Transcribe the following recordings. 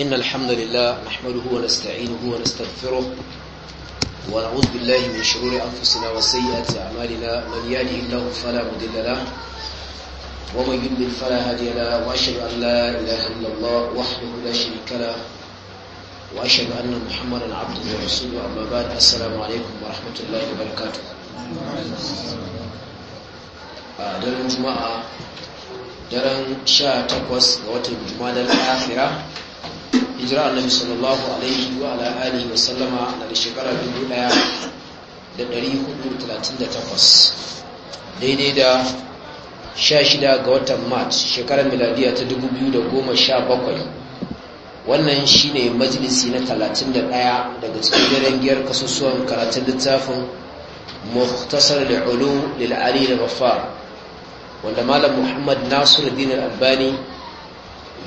إن الحمد لله نحمده ونستعينه ونستغفره ونعوذ بالله من شرور أنفسنا وسيئات أعمالنا من يهده الله فلا مضل له ومن يضلل فلا هادي له وأشهد أن لا إله إلا الله وحده لا شريك له وأشهد أن محمدا عبده ورسوله أما بعد السلام عليكم ورحمة الله وبركاته daren juma'a daren 18 ga watan juma'a da al'afira hijira annabi sallallahu alaihi wa ala alihi wa sallama na da shekara 1438 daidai da 16 ga watan mat shekarar miladiya ta 2017 wannan shine majalisi na 31 daga cikin daren giyar kasusuwan karatun littafin muhtasar al'ulu lil'ali da ghaffar wanda malam muhammad Nasiru Dinar albani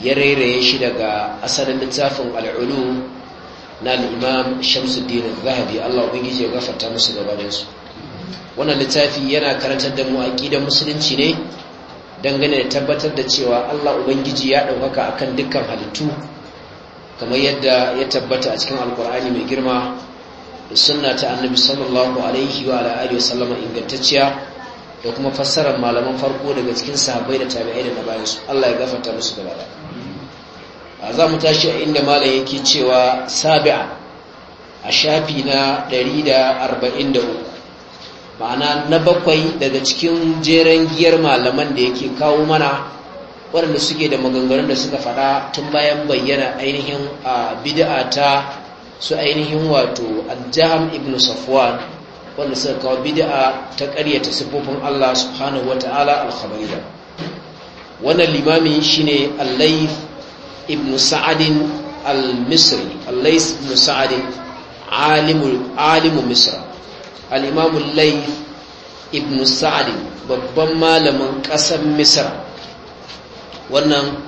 ya rairaye shi daga asalin littafin al'ulu na al'imam shamsuddin zahabi Allah ubangiji ya gafarta musu gabaninsu wannan littafi yana karantar da mu da musulunci ne dangane da tabbatar da cewa Allah ubangiji ya ɗaukaka a kan dukkan halittu kamar yadda ya tabbata a cikin alkur'ani mai girma da sunna ta annabi sallallahu alaihi wa wasallama ingantacciya da kuma fassarar malaman farko daga cikin sahabbai da tabi'ai da na bayansu Allah ya gafarta musu gaba A za mu tashi a inda malam yake cewa sabi'a a shafi na 143 ma'ana na bakwai daga cikin jeren giyar malaman da yake kawo mana waɗanda suke da maganganun da suka faɗa tun bayan bayyana ainihin a bid'a ta su ainihin wato aljaham ibn safwan wanda suka kawo bid'a ta ƙaryata siffofin Allah subhanahu wata'ala ta'ala khabariya wannan limami shine al-layth ابن sa'adin al الليث al سعد عالم عالم alimu misra الليث ابن سعد babban malamin ƙasar misra wannan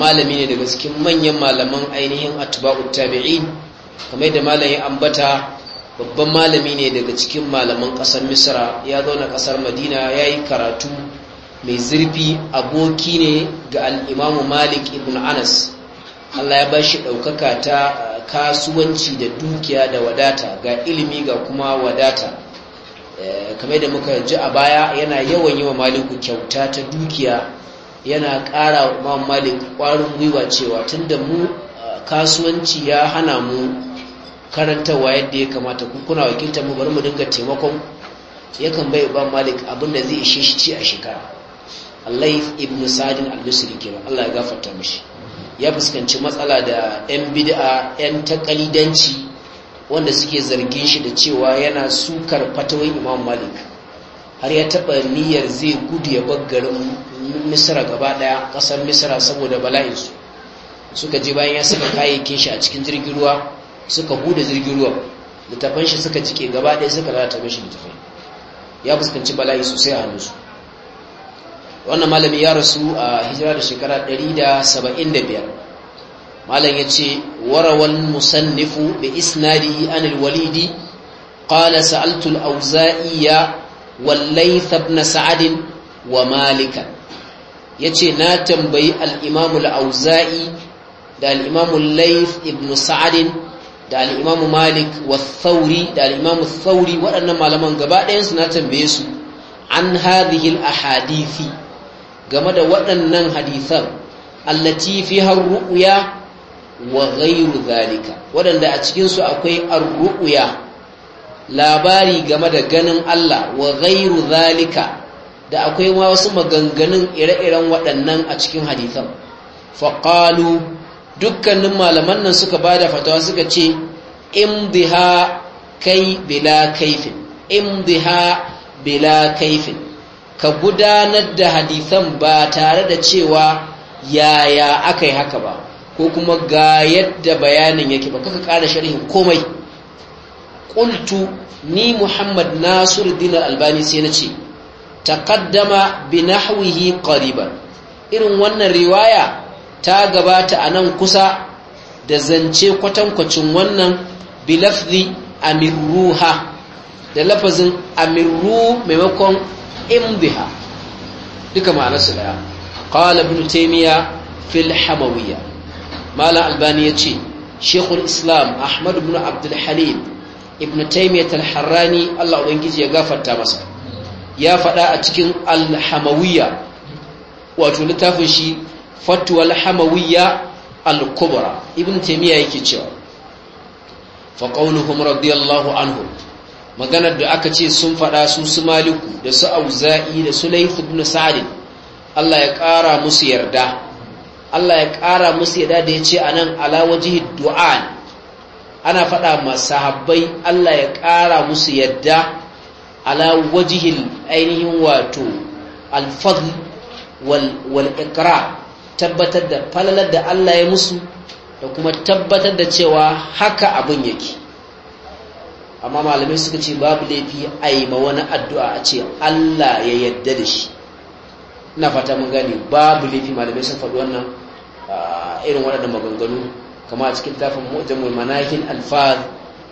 malami ne daga cikin manyan malaman ainihin atba'u tabi'in kamar da malami ambata babban malami ne daga cikin malaman ƙasar misra ya zauna ƙasar madina ya yi karatu mai zurfi aboki ne ga al'imamu malik ibn anas allah ya ba shi ɗaukaka ta kasuwanci da dukiya da wadata ga ilimi ga kuma wadata eh, kamar da muka ji a baya yana yawan yi wa maliku kyauta ta dukiya yana ƙara wa malik ƙwarin gwiwa cewa tun da mu eh, kasuwanci ya hana mu karantarwa yadda ya kamata kuna wakilta mu bari mu dinga taimakon yakan bai ba malik abin da zai ishe shi ci a shekara Allah ibn Sadin al-Misri kenan Allah ya gafarta mishi ya fuskanci matsala da ƴan bid'a ƴan takalidanci wanda suke zargin shi da cewa yana sukar fatawai Imam Malik har ya taɓa niyyar zai gudu ya garin Misra gaba ɗaya ƙasar Misra saboda su suka je bayan ya saka kayayyakin shi a cikin jirgin ruwa suka huda jirgin ruwa tafan shi suka cike gaba ɗaya suka lalata mishi da tafai, ya fuskanci bala'i sosai a su wannan malami ya rasu a hijira da shekara 175 malam ya ce warawan musannifu bi isnadi anil walidi qala sa'altu al-auza'iya wallayth sa'ad wa malika yace na tambayi al-imam al-auza'i da al-imam al-layth ibn sa'ad da al-imam malik wa thawri da al-imam thawri waɗannan malaman gaba ɗayan su na tambaye su an hadhihi al-ahadithi game da waɗannan hadisan allati fi har ru'ya wa ghayru zalika waɗanda a cikin su akwai ar-ru'ya labari game da ganin Allah wa ghayru zalika da akwai ma wasu maganganun ire-iren waɗannan a cikin hadisan faqalu dukkanin malaman nan suka bada fatawa suka ce imdiha kai bila kaifin imdiha bila kaifin ka gudanar da hadisan ba tare da cewa yaya aka yi haka ba ko kuma ga yadda bayanin yake ba kaka ƙara sharhin komai ƙultu ni muhammad nasiru dinar albani sai na ce taƙaddama binahwihi ƙariban irin wannan riwaya ta gabata a nan kusa da zance kwatankwacin wannan bilafzi amirruha da lafazin amirru maimakon imdiha duka ma'anarsu daya qala ibn taymiya fil malam albani yace shaykhul islam ahmad ibn abdul halim ibn taymiya al ubangiji ya gafarta masa ya faɗa a cikin al wato littafin shi fatwa hamawiyya al yake cewa radiyallahu anhu maganar da aka ce sun faɗa su su maliku da su auza'i da su laifu ibn sa'adin Allah ya ƙara musu yarda Allah ya ƙara musu yarda da ya ce a nan wajihi du'a ana faɗa ma sahabbai Allah ya ƙara musu yarda wajihi ainihin wato alfadl wal ikra tabbatar da falalar da Allah ya musu da kuma tabbatar da cewa haka abin yake amma malamai suka ce babu laifi a yi ma wani addu'a a ce Allah ya yadda da shi na fata mun gane babu laifi malamai sun faɗi wannan irin waɗannan maganganu kama a cikin tafin mu'jamul manakin alfaz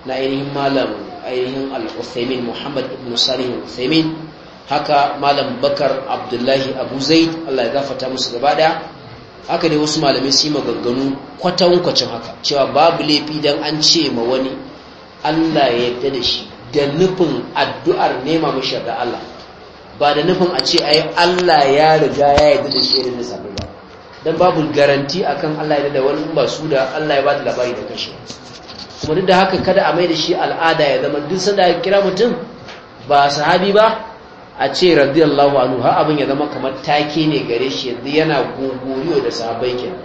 na ainihin malam ainihin al-Uthaymin Muhammad ibn Salih al-Uthaymin haka malam Bakar Abdullahi Abu Zaid Allah ya gafarta musu gaba daya haka ne wasu malamai su yi maganganu kwatankwacin haka cewa babu laifi dan an ce ma wani Allah ya yarda da shi da nufin addu'ar nema mishi ga Allah ba da nufin a ce ai Allah ya riga ya yarda da shi irin sabai ba dan babu garanti akan Allah ya yarda da wani ba su da Allah ya ba da labari da kashi kuma duk da haka kada a mai da shi al'ada ya zama duk sanda ya kira mutum ba sahabi ba a ce radiyallahu anhu har abin ya zama kamar take ne gare shi yanzu yana gogoriyo da sahabbai kenan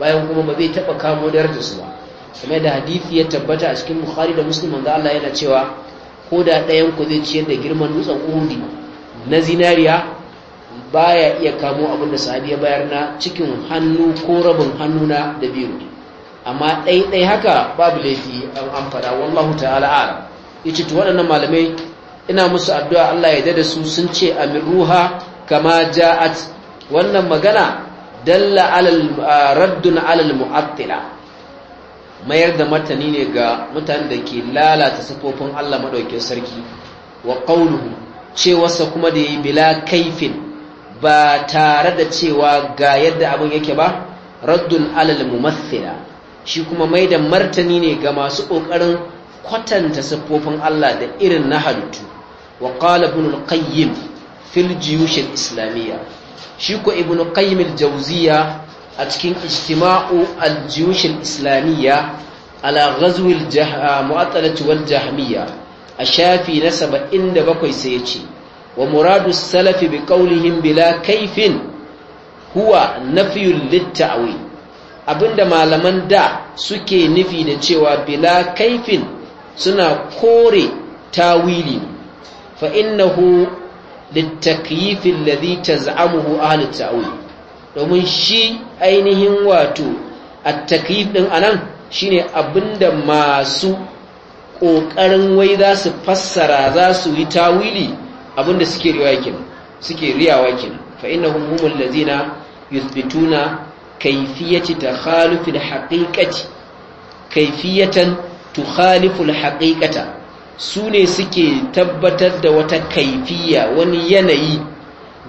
bayan kuma ba zai taba kamo darajar su ba kamar da hadisi ya tabbata a cikin bukhari da muslim manzo Allah yana cewa ko da ɗayan ku zai ciyar da girman dutsen uhudi na zinariya baya iya kamo abin da sahabi ya bayar na cikin hannu ko rabin hannu na da biyu amma ɗaiɗai haka babu laifi an fada wallahu ta'ala ala yace to waɗannan malamai ina musu addu'a Allah ya dada su sun ce ruha kama ja'at wannan magana dalla alal raddun alal mu'attila mayar da martani ne ga mutanen da ke lalata sifofin Allah madaukakin sarki wa ce cewarsa kuma da yayi bila kaifin ba tare da cewa ga yadda abin yake ba raddun alal mumaththila shi kuma mai da martani ne ga masu kokarin kwatanta siffofin Allah da irin na halittu wa qala ibn al-qayyim fil jiyush al-islamiyya shi ko ibn qayyim al-jawziyya a cikin ijtima'u aljihushin islamiyya ala ghazwil ah, mu'attalati wal jahmiyya a shafi na 77 sai ya ce wa muradu salafi bi qawlihim bila kaifin huwa nafyul litta'wi abinda malaman da suke nufi da cewa bila kaifin suna kore tawili fa innahu للتكييف الذي تزعمه أهل tawil domin shi ainihin wato a takif ɗin anan shi shine abinda masu ƙoƙarin wai za su fassara za su yi tawili abinda suke riwaya suke riyawa kenan fa innahum humul ladzina yuthbituna kayfiyati haƙiƙaci al tu kayfiyatan tukhalifu suke tabbatar da wata kaifiya wani yanayi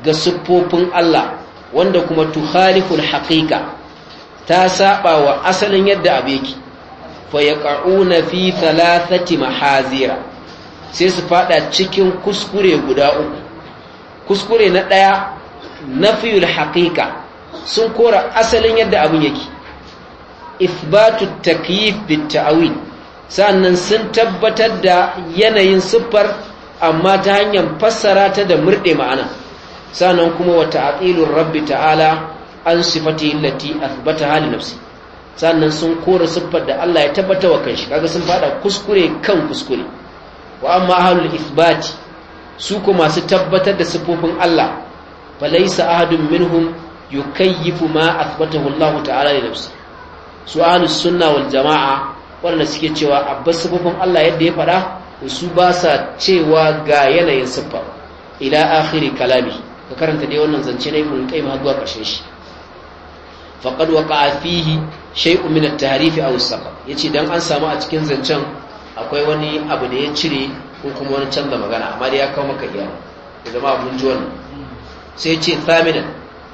ga siffofin Allah wanda kuma tukhaliful haqiqa ta saba wa asalin yadda abu yake fa yaqauna fi thalathati mahazira sai su fada cikin kuskure guda uku kuskure na daya nafiyul haqiqa sun kora asalin yadda abu yake ithbatu takyif bit ta'wil sannan sun tabbatar da yanayin siffar amma ta hanyar fassara ta da murde ma'ana sanan kuma wa ta'tilur rabbi ta'ala an sifati lati athbata li nafsi sannan sun kore siffar da Allah ya tabbata wa kanshi kaga sun fada kuskure kan kuskure wa amma ahlul ithbati su ko masu tabbatar da sifofin Allah falaysa ahadun minhum yukayyifu ma athbatahu Allah ta'ala li nafsi su sunna wal jama'a wanda suke cewa abba sifofin Allah yadda ya fada su ba sa cewa ga yanayin siffa ila akhiri kalami ka karanta dai wannan zance na ibn qayyim har zuwa karshen shi faqad waqa'a fihi shay'un min at-tahrif aw as-saqat yace dan an samu a cikin zancen akwai wani abu da ya cire ko kuma wani canza magana amma dai ya kawo maka iya da zama mun ji wannan sai yace tamin'a.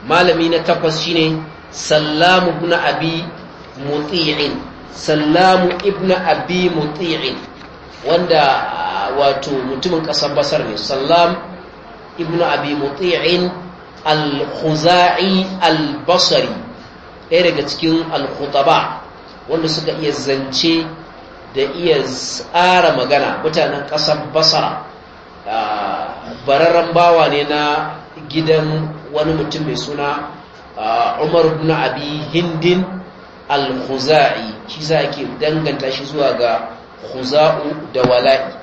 malami na takwas shine sallamu ibn abi muti'in sallamu ibn abi muti'in wanda wato mutumin kasar basar ne sallam Ibnu abi muti'in al albasari ɗaya daga cikin al wanda suka iya zance da iya tsara magana mutanen ƙasar basara bararren bawa ne na gidan wani mutum mai suna umar ibn abi hindin al shi za ake danganta shi zuwa ga khuza'u da wala'i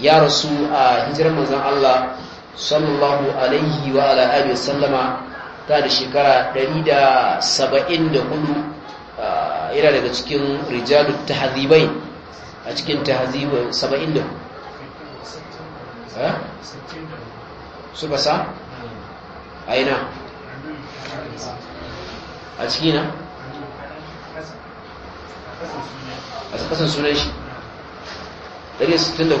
ya rasu a hijirar manzon Allah sallallahu alaihi wa ala alihi sallama ta da shekara 174 yana daga cikin rijalu tahzibai a cikin tahzibai 74 eh su basa aina a na? a kasan sunan shi 164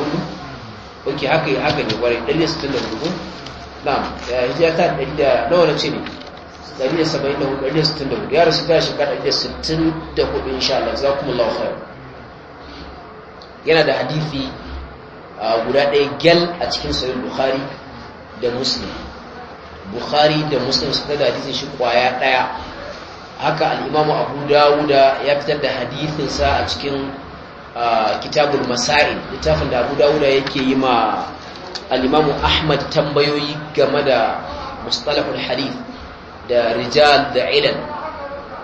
oke haka yi haka ne kwarai 164 na hijira ta ɗari da nawa na ce ne da 164 ya rasu ta ɗari da shekara 164 insha Allah za kuma lafiya yana da hadifi guda ɗaya gyal a cikin sahih bukhari da muslim bukhari da muslim suka da hadisin shi kwaya ɗaya haka al'imamu abu dawuda ya fitar da hadifinsa a cikin kitabul masail littafin da abu dawuda yake yi ma alimamu ahmad tambayoyi game da mustalahul hadith da rijal da ilal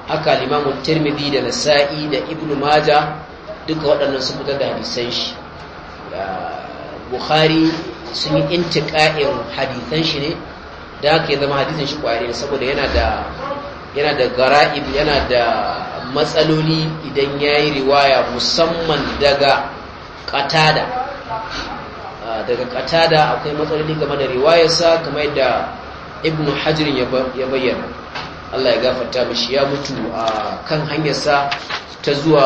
haka alimamu tirmidhi da nasa'i da ibnu maja duka waɗannan sun fitar da hadisan shi bukhari sun yi intiqa'in hadisan shi ne da haka ya zama hadisan shi kwari saboda yana da yana da gara'ib yana da matsaloli idan ya yi riwaya musamman daga katada ah, daga katada akwai matsaloli game da riwayarsa kamar yadda ibn hajjirin ya bayyana allah ya gafarta mashi ya mutu a kan hanyarsa ta zuwa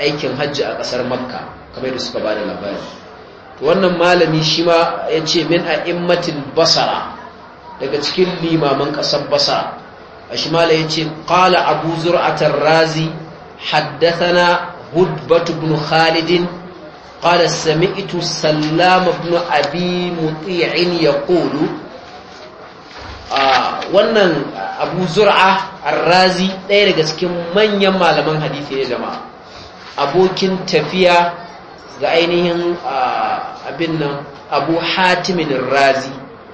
aikin hajji a kasar makka kamar yadda suka ba da labari wannan malami shi ma ya ce min a immatin basara daga cikin limaman kasar basara ashmala yace qala abu zur'at ar-razi haddathana hudbat ibn khalid qala sami'tu sallam ibn abi muti'in yaqulu wannan abu zur'a ar-razi ɗaya daga cikin manyan malaman hadisi ne jama'a abokin tafiya ga ainihin abin nan abu hatimin razi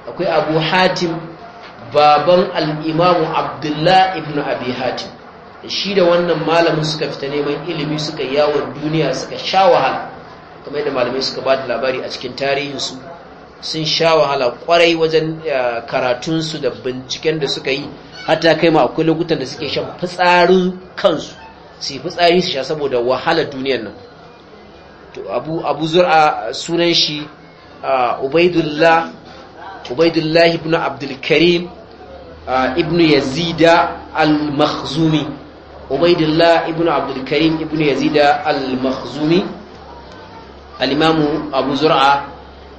akwai abu hatim baban al'imamu abdullah ibn abi hatim shi da wannan malamin suka fita neman ilimi suka yawon duniya suka sha wahala kamar yadda malamai suka ba da labari a cikin tarihinsu sun sha wahala kwarai wajen eh, karatunsu da binciken da suka yi hata kai ma akwai lokutan da suke shan fitsarin kansu su yi fitsari su sha saboda wahala duniyar nan abu zura sunan shi ah, ubaidullah ubaidullah ibn abdulkarim uh, ibn yazida al-makhzumi ubaidullah ibn abdulkarim ibn yazida al-makhzumi al-imamu abu zur'a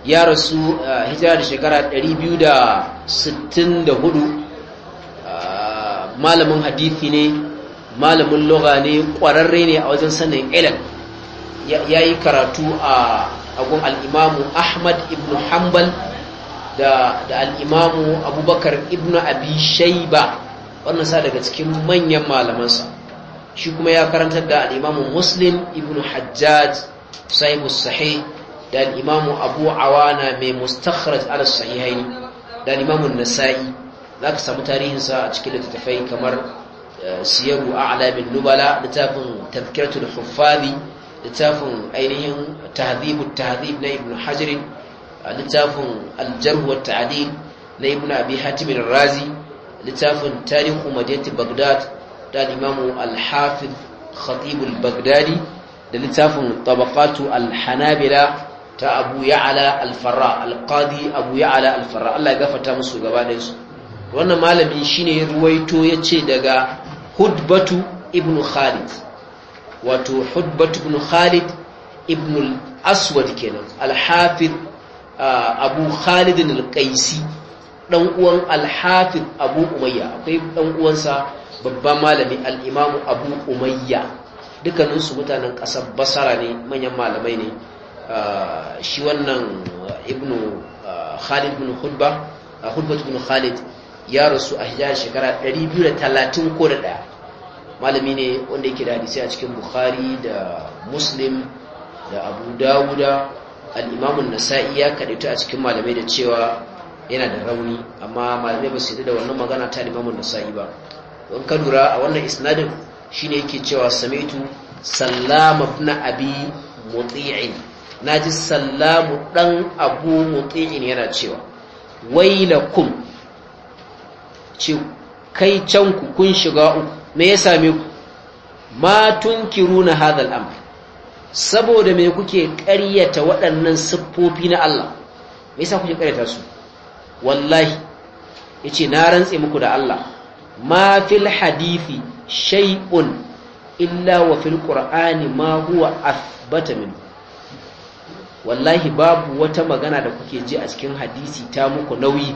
ya rasu uh, hijira da shekara 264 uh, malamin hadithi ne malamin lugha ne kwararre ne a wajen sanin ilal ya yi karatu a agun al'imamu ahmad ibn hanbal da al'imamu abubakar ibn abi shaiba wannan sa daga cikin manyan malamansa shi kuma ya karantar da al'imamu muslim ibn hajjaj sahibus sahe, da al'imamu abu awana mai mustakhraj al sahihaini da al'imamun nasa'i za ka samu tarihinsa a cikin littattafai kamar eh, siyaru a'lamin nubala littafin tafkiratul huffazi littafin ainihin tahdhibut tahdhib na ibn hajarin littafin aljarhu wa ta'dil na ibn abi hatim razi littafin tarihu madinati bagdad da imamu al-hafiz bagdadi da littafin tabaqatu alhanabila ta abu ya'ala al-farra al abu ya'ala al Allah ya gafarta musu gaba da su wannan malami shine ruwaito yace daga hudbatu ibnu khalid wato hudbatu ibnu khalid ibnu al-aswad kenan al abu khalidin al-qaisi dan uwan al-hafiz abu umayya akwai dan uwansa babban malami al-imam abu umayya dukkanin su mutanen kasar basara ne manyan malamai ne shi wannan ibnu khalid ibn hudba hudbat ibn khalid ya rasu a hijira shekara 230 ko da daya malami ne wanda yake da hadisi a cikin bukhari da muslim da abu dawuda al'imamun nasa'i ya kaɗaita a cikin malamai da cewa yana da rauni amma malamai ba su yi da wannan magana ta al'imamun nasa'i ba don ka lura a wannan isnadin shine yake cewa samitu sallama na abi muti'in na ji sallamu ɗan abu muti'in yana cewa wailakum ce kai can ku kun shiga uku me ya same ku ma tunkiru na hadal amr saboda me kuke ƙaryata waɗannan siffofi na Allah me yasa kuke ƙaryata su wallahi yace na rantse muku da Allah ma fil hadisi shay'un illa wa fil qur'ani ma huwa athbata min wallahi babu wata magana da kuke ji a cikin hadisi ta muku nauyi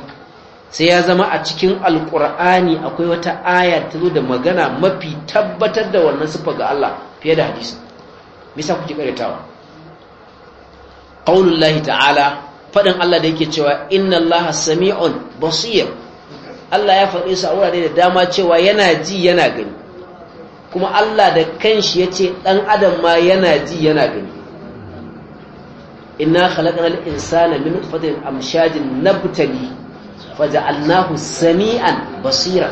sai ya zama a cikin alqur'ani akwai wata aya ta zo da magana mafi tabbatar da wannan sifa ga Allah fiye da hadisi misa kuke karatawa qaulullahi ta'ala fadin Allah da yake cewa inna allaha sami'un basir Allah ya faɗi sa a wurare da dama cewa yana ji yana gani kuma Allah da kanshi yace dan adam ma yana ji yana gani inna al insana min nutfatin amshajin nabtali faja'alnahu sami'an basira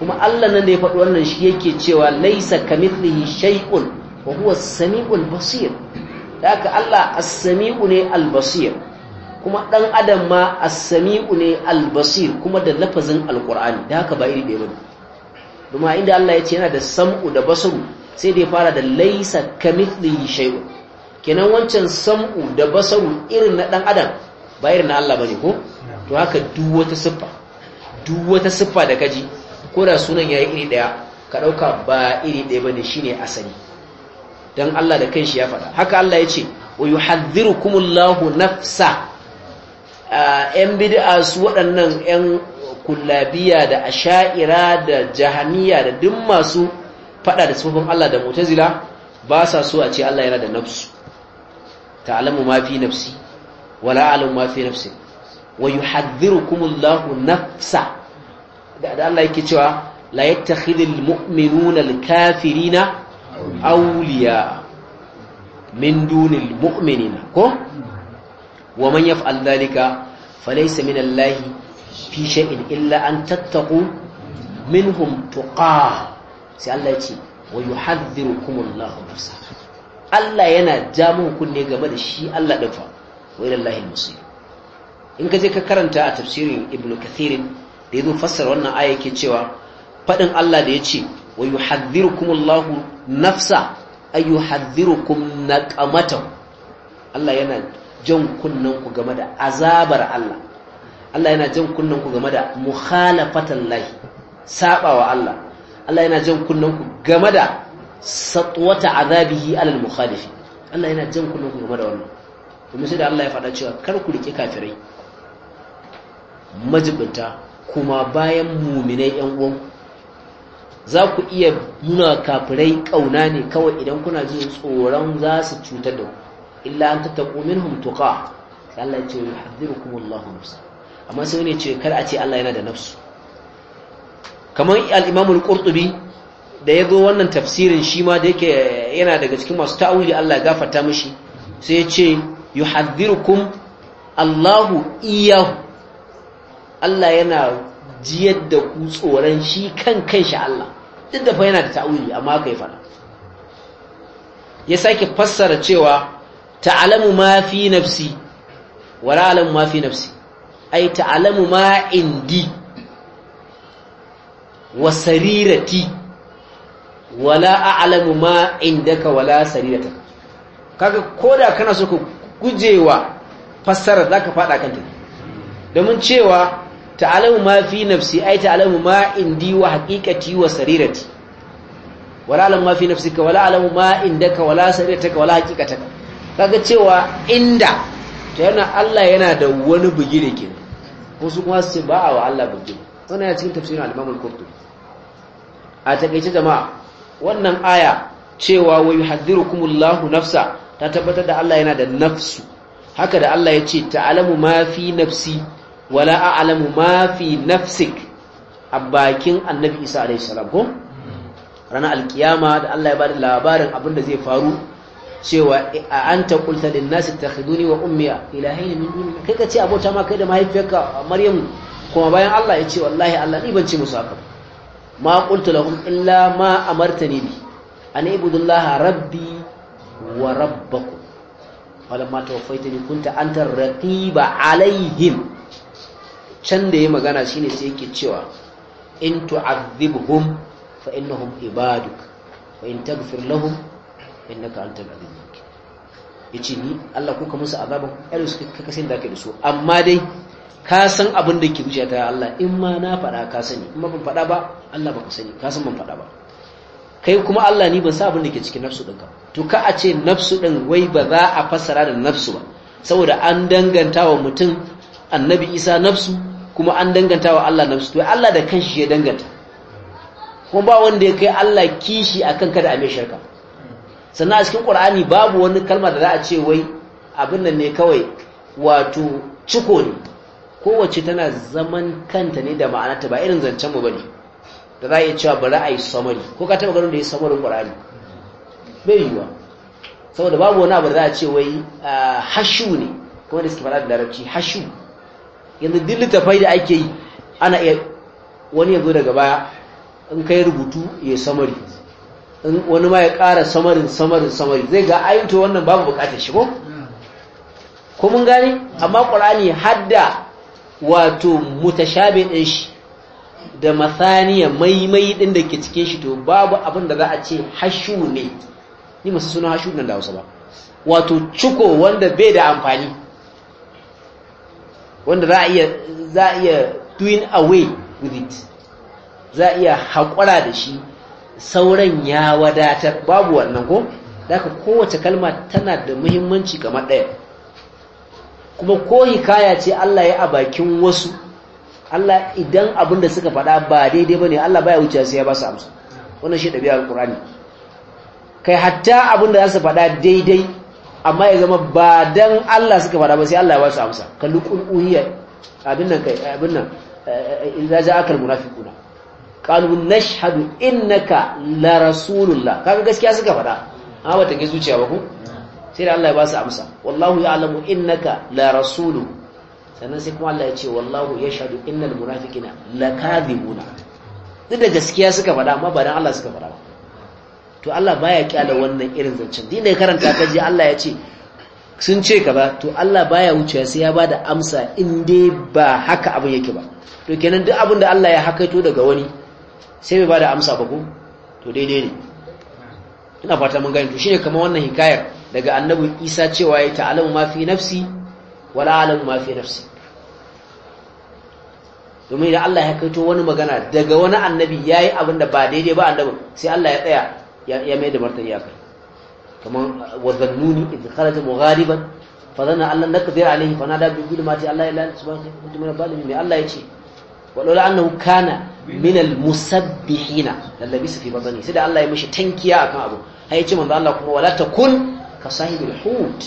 kuma Allah nan da ya faɗi wannan shi yake cewa laisa kamithlihi shay'un wa huwa sami'ul basir da haka Allah as-sami'u ne al-basir kuma dan adam ma as-sami'u ne al-basir kuma da lafazin al-qur'ani da haka ba iri ɗaya bane kuma inda Allah ya ce yana da sam'u da basaru sai da ya fara da laisa kamithlihi shay'u kenan wancan sam'u da basaru irin na dan adam ba irin na Allah bane ko to haka duk wata siffa duk wata siffa da kaji ko da sunan yayi iri daya ka dauka ba iri daya bane shine asali dan Allah da kanshi ya faɗa haka Allah ya ce wa yuhadhdhirukumullahu nafsa yan bid'a su waɗannan yan kullabiya da asha'ira da jahamiya da duk masu faɗa da sufin Allah da mutazila ba sa so a ce Allah yana da nafsu Ta alamu mafi nafsi wala a'lamu ma nafsi wa yuhadhdhirukumullahu nafsa da Allah yake cewa la yattakhidhul mu'minuna al-kafirina awliya min dunil mu'minina ko wa man yaf'al dhalika falaysa min allahi fi shay'in illa an tattaqu minhum tuqa sai Allah ya ce wa yuhadhdhirukumullahu nafsa Allah yana ja kunne game da shi Allah din fa wa ila musir in ka je ka karanta a tafsirin ibnu kathirin da yazo fassara wannan aya yake cewa fadin Allah da ya ce wa yuhadhdhirukum Allahu nafsa ayu yuhadhdhirukum naqamatahu Allah yana jan kunnan ku game da azabar Allah Allah yana jan kunnan ku game da mukhalafatan lahi sabawa Allah Allah yana jan kunnan ku game da satwata azabihi alal mukhalifi Allah yana jan kunnan ku game da wannan kuma sai da Allah ya faɗa cewa kar ku rike kafirai majibinta kuma bayan muminai yan uwanku za ku iya nuna kafirai ƙauna ne kawai idan kuna jin tsoron za su cutar da ku illa an tattaku minhum hamtuka Allah ya ce yuhadhirukum Allahu nafsa amma sai ne ce kar a ce Allah yana da nafsu kamar al-Imam al-Qurtubi da yazo wannan tafsirin shi ma da yake yana daga cikin masu ta'awili Allah ya gafarta mishi sai ya ce yuhadhirukum Allahu iyahu Allah yana jiyar da ku tsoron shi kan kai shi Allah duk da fa yana da ta'awili amma yi fara ya sake fassara cewa ta'alamu ma fi nafsi wa alamu ma fi nafsi ai ta'alamu ma indi wa sarirati wala a'lamu ma indaka wala sarirata kaga koda kana so ku gujewa fassara zaka fada kanta domin cewa ta'alamu ma fi nafsi ai ta'alamu ma indi wa haqiqati wa sarirati wala alamu ma fi nafsika wala alamu ma indaka wala sarirataka wala haqiqataka kaga cewa inda to yana Allah yana da wani bugire ko su kuma su ce ba wa Allah bugire wannan ya cikin tafsirin al-Imam al-Qurtubi a takeice jama'a wannan aya cewa wa yuhadhdhirukumullahu nafsa ta tabbatar da Allah yana da nafsu haka da Allah ya ce ta'alamu ma fi nafsi wala a'lamu ma fi nafsik a bakin annabi isa alaihi salam ko ranar alkiyama da Allah ya bada labarin abin da zai faru cewa a anta qulta lin nasi takhiduni wa ummi ilahayn min duni kai ka ce abota ma kai da mahaifiyarka maryamu kuma bayan Allah ya ce wallahi Allah ni ban ce musu haka ma qultu lahum illa ma amartani bi an ibudullaha rabbi wa rabbakum falamma tawaffaytani kunta anta raqiba alaihim can da ya magana shine sai yake cewa in tu'adhibhum fa innahum ibaduk wa in taghfir lahum innaka antal azizul hakim yace ni Allah ko ka musu azaban alu su kaka sai da kai da su amma dai ka san abin da ke zuciyata ya Allah in ma na faɗa ka sani in ma ban faɗa ba Allah baka sani ka san ban faɗa ba kai kuma Allah ni ban sa abin da ke cikin nafsu ɗinka to ka a ce nafsu ɗin wai ba za a fassara da nafsu ba saboda an danganta wa mutum annabi isa nafsu kuma an danganta wa Allah na to Allah da kan kanshi ya danganta kuma ba wanda ya kai Allah kishi akan kada a mai shirka sannan a cikin Qur'ani babu wani kalma da za a ce wai abin nan ne kawai wato ciko ne kowace tana zaman kanta ne da ma'anarta ba irin zancen mu bane da za a iya cewa bari a yi samari ko ka taba ganin da ya samarin Qur'ani bai yiwuwa. saboda babu wani abu da za a ce wai ah, hashu ne kuma da suke faɗa da larabci hashu yanzu duk littafai da ake yi ana iya wani ya zo daga baya in kai rubutu ya samari in wani ma ya ƙara samarin samarin samari zai ga ayyuta wannan babu bukatar shigo ko mun gane amma ƙur'ani hadda wato mutashabe ɗin shi da mathaniya maimai ɗin da ke cikin shi to babu abin da za a ce hashu ne ni masu suna hashu nan da hausa ba wato ciko wanda bai da amfani wanda za a iya za a iya doing away with it za a iya haƙura da shi sauran ya wadatar babu wannan ko daga kowace kalma tana da muhimmanci kamar ɗaya kuma ko hikaya ce Allah ya a bakin wasu Allah idan abin da suka faɗa ba daidai ba ne Allah baya wuce sai ya ba su amsa wannan shi ɗabi'ar ne. kai hatta abin da za su faɗa daidai amma ya zama ba dan Allah suka fara ba sai Allah ya ba su amsa kallu qul uhiya abin nan kai abin nan eh, eh, idza ja'aka almunafiquna qalu nashhadu innaka la rasulullah kaga gaskiya suka fara amma ba ta ke zuciya ba ku? sai da Allah ya ba su amsa wallahu ya'lamu innaka la rasulu sannan sai kuma Allah ya ce wallahu yashhadu innal munafiqina lakadhibuna duk da gaskiya suka fara amma ba dan Allah suka fara ba to Allah baya kyala wannan irin zancen dinda karanta ka ji Allah ya ce sun ce ka ba to Allah baya wuce sai ya bada amsa in dai ba haka abin yake ba to kenan duk abin da Allah ya hakaito daga wani sai bai bada amsa ba ko to daidai ne ina fata mun gani to shine kamar wannan hikayar daga annabi Isa cewa ya ta'alamu ma fi nafsi wala alamu ma fi nafsi domin da Allah ya kaito wani magana daga wani annabi yayi abin da ba daidai ba annabi sai Allah ya tsaya ya mai da martani ya kai kaman wazannuni idh kharaja mughaliban fa zanna allan nakdir alayhi fa nada bi gulmati allah ila subhanahu wa ta'ala mai allah yace walola annahu kana min lallabi lallabisa fi badani sai da Allah ya mishi tankiya akan abu har yace manzo Allah kuma wala takun ka sahibul hut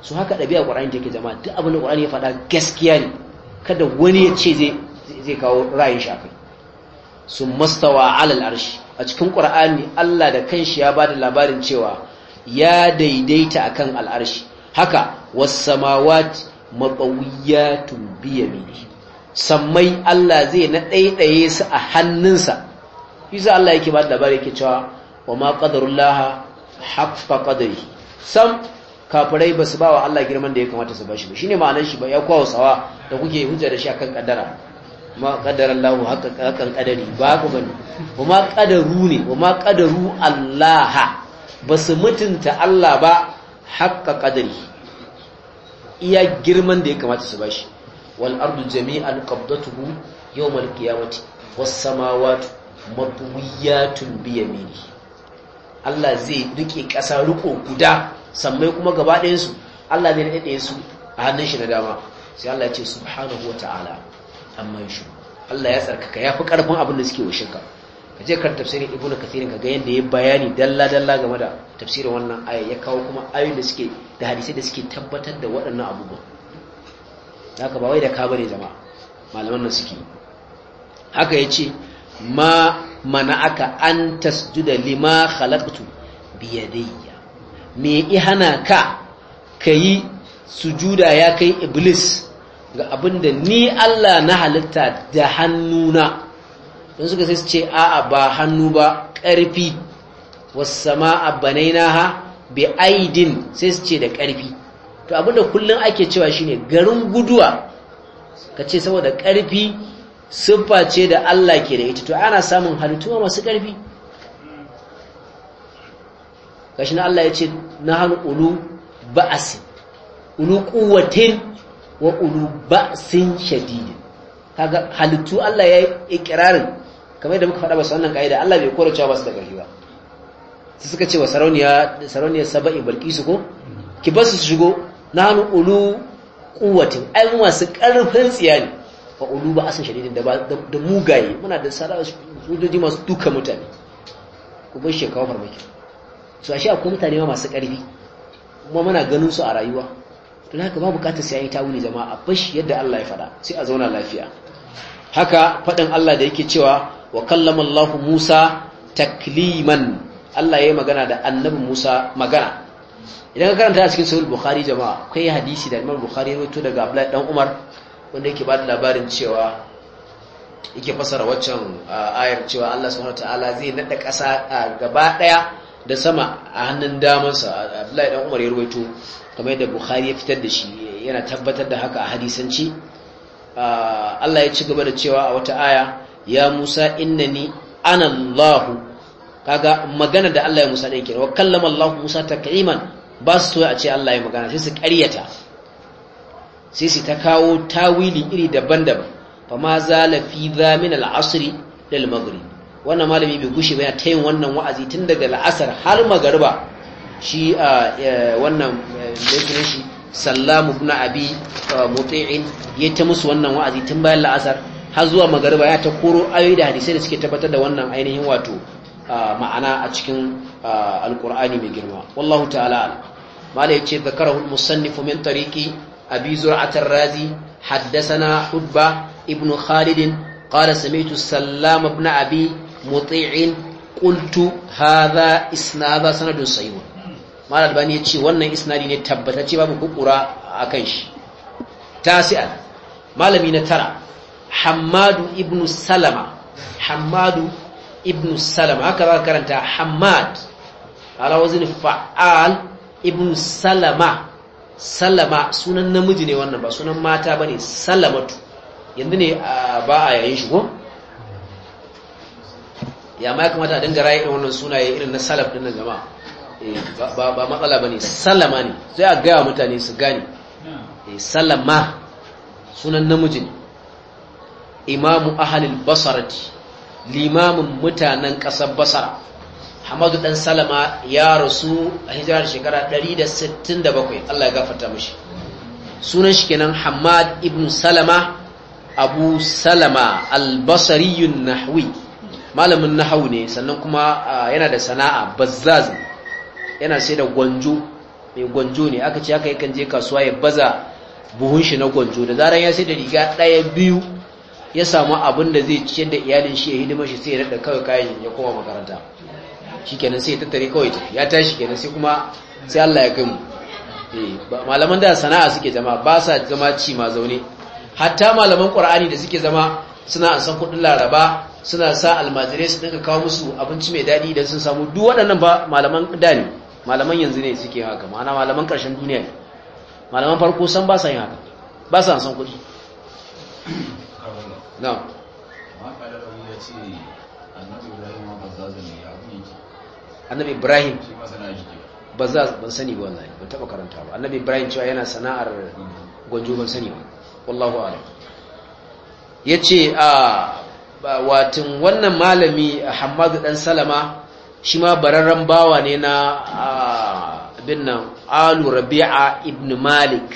su haka dabi'a Qur'ani take jama'a duk abin da Qur'ani ya faɗa gaskiya ne kada wani ya ce zai zai kawo ra'ayin shi akai sun mastawa alal arshi a cikin ƙur'ani Allah da kanshi ya ba da labarin cewa ya daidaita a kan al'arshi haka was-samawati maqawiyatun bi sammai Allah zai na ɗaiɗaye su a hannunsa isa Allah yake ba da labari yake cewa wa ma qadarullah haqqa sam kafirai ba su ba wa Allah girman da ya kamata su ba shi ba ne ma'anar shi ba ya kwawo sawa da kuke hujjar da shi akan ƙaddara ma qadara Allah haka hakan kadari ba haka bane kuma qadaru ne kuma qadaru Allah su mutunta Allah ba haka ƙadari. iya girman da ya kamata su bashi wal ardu jami'an qabdatuhu yau al qiyamati was samawati matwiyatun bi yamini Allah zai rike ƙasa riko guda sammai kuma gaba ɗayan su Allah zai dade su a hannun shi na dama sai Allah ya ce subhanahu wataala amma shi Allah ya tsarkaka ya fi karfin abin da suke washe ka ka je kan tafsirin ibnu kathirin ka ga yanda ya bayani dalla dalla game da tafsirin wannan aya ya kawo kuma ayoyin da suke da hadisai da suke tabbatar da waɗannan abubuwa haka ba wai da ka bane zama, malaman nan suke haka yace ma mana aka an tasjuda lima khalaqtu biyadayya me ihana ka kayi sujuda ya kai iblis ga abin da ni Allah na halitta da hannuna don suka sai su ce a'a ba hannu ba ƙarfi wasama abanaina ha bi aidin sai su ce da ƙarfi to abinda kullum ake cewa shine garin guduwa kace saboda ƙarfi siffa ce da Allah ke da ita to ana samun halittuwa masu ƙarfi kashi na Allah ya ce na hannu ulu ba'asi ulu kuwatin wa ulu ba'sin shadidin kaga halittu Allah ya yi ikirarin kamar yadda muka faɗa ba su wannan ka'ida Allah bai kora cewa ba su da ƙarfi ba su suka ce wa sarauniya sarauniya saba'in balkisu ko ki ba su shigo nanu ulu kuwatin ai mu masu ƙarfin tsiya ne fa ulu ba asan shadidin da da mugaye muna da sarawa sojoji masu duka mutane ku bar shekawa farmaki su ashe akwai mutane ma masu ƙarfi kuma muna ganin su a rayuwa laka ba bukatar sai an yi tawili zama a bashi yadda Allah ya fada sai a zauna lafiya haka faɗin Allah da yake cewa wa kallama Allah Musa takliman Allah ya yi magana da annabi Musa magana idan ka karanta a cikin sahih Bukhari jama'a akwai hadisi da Imam Bukhari ya rawaito daga Abdullahi dan Umar wanda yake ba da labarin cewa yake fasara waccan ayar cewa Allah subhanahu wataala zai nada kasa gaba daya da sama a hannun damansa Abdullahi dan Umar ya rawaito kamar yadda bukhari ya fitar da shi yana tabbatar da haka a hadisanci ah, Allah ya ci gaba da cewa a wata aya ya Musa innani ana kaga magana da Allah ya Musa ɗin kenan wa kallama Allah Musa takriman ba su soya a ce Allah ya magana sai su karyata. sai su ta kawo tawili iri daban-daban fa ma la fi zamin al-asri maghrib wannan malami bai gushe ba yana yin wannan wa'azi tun daga la'asar har magariba shi e, wannan da e, shi sallamu ibn abi e, muti'in ya ta musu wannan wa'azi tun bayan la'asar har zuwa magariba ya ta koro ayoyi da hadisai da suke tabbatar da wannan ainihin wato ma'ana a cikin alqur'ani mai girma wallahu ta'ala mala yace zakarahu al-musannif min tariqi abi zuratar ar-razi haddathana hudba ibnu khalid qala sami'tu sallam ibn abi muti'in qultu hadha isnada sanadun sahih mal albani ya ce wannan isnadi ne tabbatacce babu kukura a kan shi tasi'an malami na tara Hamadu ibn salama Hamadu ibn salama haka za karanta Hamad. alawazin fa'al ibn salama salama sunan namiji ne wannan ba sunan mata ba ne salamatu yanzu ne ba a yayin shigo ya ma ya kamata a dangara irin wannan sunaye irin na salaf ɗin jama'a Eh, ba matsala ba ne salama ne sai a gaya mutane su gani eh, salama sunan namijin imamu ahalil basarati limamin mutanen ƙasar basara hamadu ɗan salama ya rasu a hijirar shekara 167 allah ya gafarta mashi sunan shi kenan hamad ibn salama abu salama albasariyun nahwi malamin nahau ne sannan kuma ah, yana da sana'a bazzaz yana sai da gwanjo mai gwanjo ne aka ce aka yakan je kasuwa ya baza buhun shi na gwanjo da zaran ya sai da riga ɗaya biyu ya samu abin da zai ciyar da iyalin shi ya hidima shi sai ya rada kawai kayan ya koma makaranta shi kenan sai ya tattare kawai tafi ya tashi kenan sai kuma sai Allah ya kai mu eh, malaman da sana'a suke zama ba sa zama ci ma zaune hatta malaman qur'ani da suke zama suna san kudin laraba suna sa almajirai su dinka kawo musu abinci mai daɗi idan sun samu duk waɗannan ba malaman da ne malaman yanzu ne suke haka ma'ana malaman ƙarshen duniya ne malaman farko san ba sa yin haka ba sa san kuɗi na annabi ibrahim ba za ban sani ba wallahi ban taba karanta ba annabi ibrahim cewa yana sana'ar mm-hmm. gwanjo ban sani ba wallahu a'lam yace ah, a watan wannan malami Ahmadu dan Salama shi ma bararren bawa ne na abin nan alu rabi'a ibn malik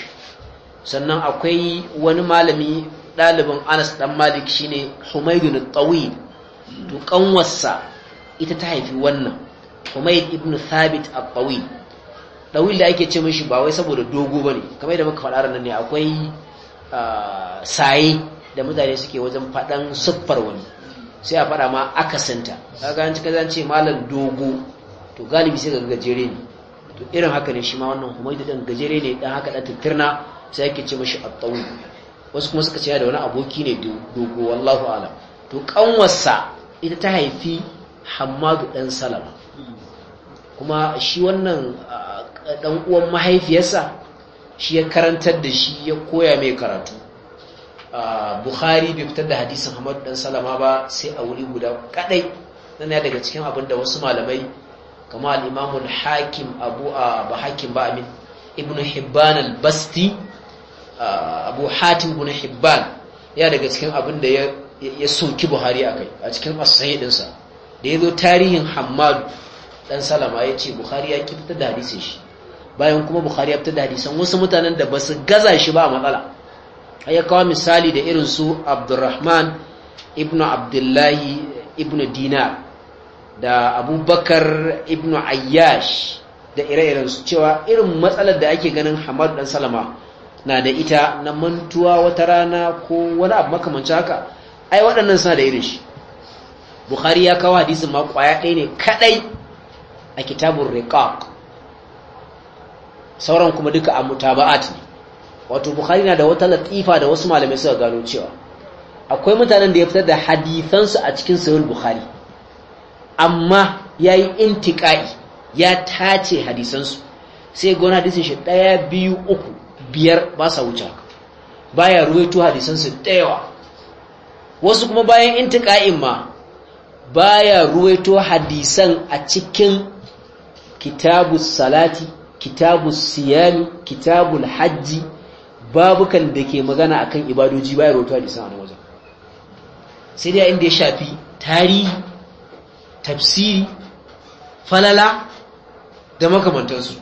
sannan akwai wani malami ɗalibin anas ɗan malik shine humaydun tawil to kanwarsa ita ta haifi wannan humayd ibn thabit at-tawil tawil da ake ce mishi ba wai saboda dogo ba bane kamar yadda muka faɗa nan ne akwai saye da mutane suke wajen faɗan siffar wani sai a faɗa ma akasanta santa ga cika zan ce malam dogo to galibi sai ga gajere ne to irin haka ne shi ma wannan humaidu dan gajere ne dan haka dan tattirna sai yake ce mashi at-tawi wasu kuma suka ce da wani aboki ne dogo wallahu alam to kanwarsa ita ta haifi Hammadu dan Salama kuma shi wannan dan uwan mahaifiyarsa shi ya karantar da shi ya koya mai karatu bukhari bai fitar da hadisin Hamad dan salama ba sai a wuri guda kadai nan ya daga cikin abinda wasu malamai kama al hakim abu a hakim ba amin ibn hibban al-basti abu hatim ibn hibban ya daga cikin abinda ya ya soki buhari a kai a cikin asahi ɗinsa da ya tarihin Hammad dan salama ya ce Bukhari ya ki fitar da hadisin shi bayan kuma Bukhari ya fitar da hadisan wasu mutanen da ba su gaza shi ba a matsala ya kawo misali da irin su abdurrahman ibnu abdullahi ibnu Dina da abubakar ibnu ayyash da ire iren su cewa irin matsalar da ake ganin hamadu dan salama na da ita na mantuwa wata rana ko wani abu makamanci haka ai waɗannan suna da irin shi bukhari ya kawo hadisin ma kwaya ɗaya ne kaɗai a kitabun riqaq sauran kuma duka a mutaba'at ne wato bukhari na da wata latifa da wasu malamai suka gano cewa akwai mutanen da ya fitar da hadisansu a cikin sahih bukhari amma yayi intiqai ya tace hadisansu sai gona hadisin shi daya biyu uku biyar ba sa wuce baya ruwaito hadisansu dayawa wasu kuma bayan intiqain ma baya ruwaito hadisan a cikin kitabus salati kitabus siyami kitabul hajji babukan da ke magana akan ibadoji baya rawaito hadisan na wajen sai dai inda ya shafi tarihi tafsiri falala da makamantarsu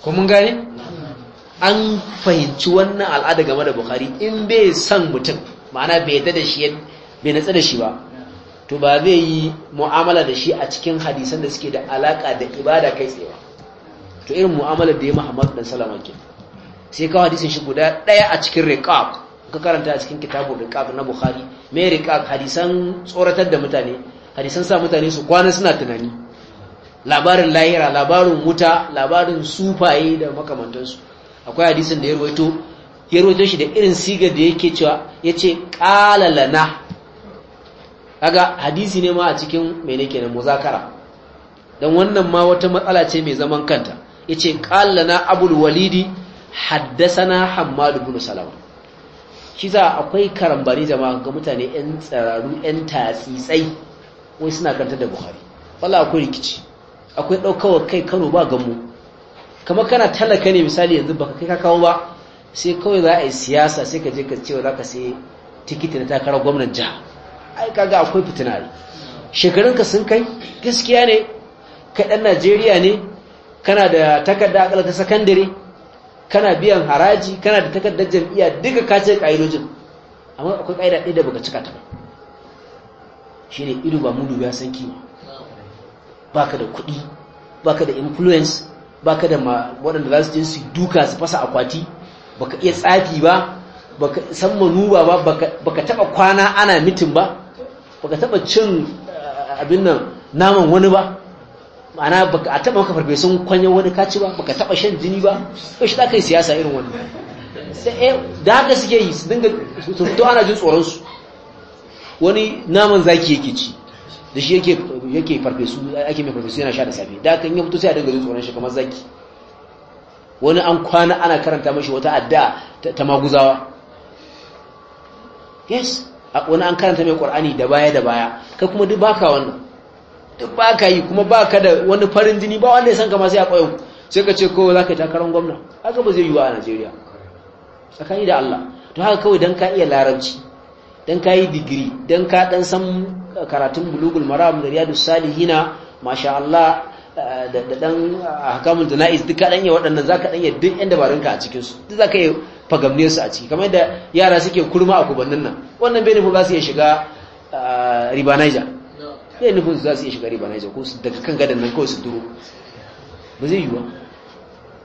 ko mun gane an fahimci wannan al'ada game da bukari in bai san mutum ma'ana bai yadda da shi bai natsa da shi ba to ba zai yi mu'amala da shi a cikin hadisan da suke da alaka da ibada kai tsaye ba to irin mu'amalar da ya muhammadu dan salama sai kawo hadisin shi guda ɗaya a cikin riqab ka karanta a cikin kitabun riqab na Buhari. Mai riqab hadisan tsoratar da mutane hadisan sa mutane su kwana suna tunani labarin lahira labarin wuta labarin sufaye da makamantansu akwai hadisin da ya rawaito ya rawaito shi da irin siga da yake cewa yace qala na? kaga hadisi ne ma a cikin ne kenan muzakara Don wannan ma wata matsala ce mai zaman kanta yace qala na abul walidi haddasana hammadu bin salama shi za akwai karambani jama'a ga mutane 'yan tsararru 'yan tatsitsai wai suna kanta da buhari wala akwai rikici akwai ɗaukawa kai kano ba gamu kamar kana talaka ne misali yanzu baka kai ka kawo ba sai kawai za a yi siyasa sai ka je ka cewa za ka sai tikiti na takarar gwamnan jiha ai kaga akwai Shekarun ka sun kai gaskiya ne kai ɗan najeriya ne kana da takarda a ta sakandare kana biyan haraji kana da takardar jam'iyya duka ka ce ƙa'idojin amma akwai ƙa'ida ɗaya da baka cika ta ba shi ne ido ba mudu ya san kima ka da kuɗi ka da influence ka da waɗanda za su je su duka su fasa akwati ka iya tsafi ba ka san manuba ba ka taba kwana ana mitin ba ka taba cin eh, abin nan naman wani ba ma'ana baka a taba maka sun kwanya wani kaci ba baka taba shan jini ba ko shi zaka yi siyasa irin wannan sai eh, da haka suke yi su dinga su to ana jin tsoron su wani naman zaki yake ci da shi yake yake farfesu ake mai farfesu yana sha da safe da haka in ya fito sai a dinga jin tsoron shi kamar zaki wani an kwana ana karanta mashi wata adda ta maguzawa yes wani an karanta mai qur'ani da baya da baya kai kuma duk baka wannan ba ka yi kuma ba ka da wani farin jini ba wanda ya san kama sai a ƙwayo sai ka ce ko za ka yi takarar gwamna haka ba zai yi wa a najeriya tsakani da allah to haka kawai don ka iya larabci don ka yi digiri don ka ɗan san karatun bulugul maram da riyadu Hina, masha allah eh, da ɗan hakamun eh, jana'iz duka yi waɗannan za ka yi duk yan ka a cikinsu duk za ka yi fagamne su a ciki kamar yadda yara suke kurma a kubannin nan wannan bene ba su iya shiga eh, riba niger ne nufin za su iya shiga riba na ko su daga kan gadon nan kawai su duro ba zai yiwuwa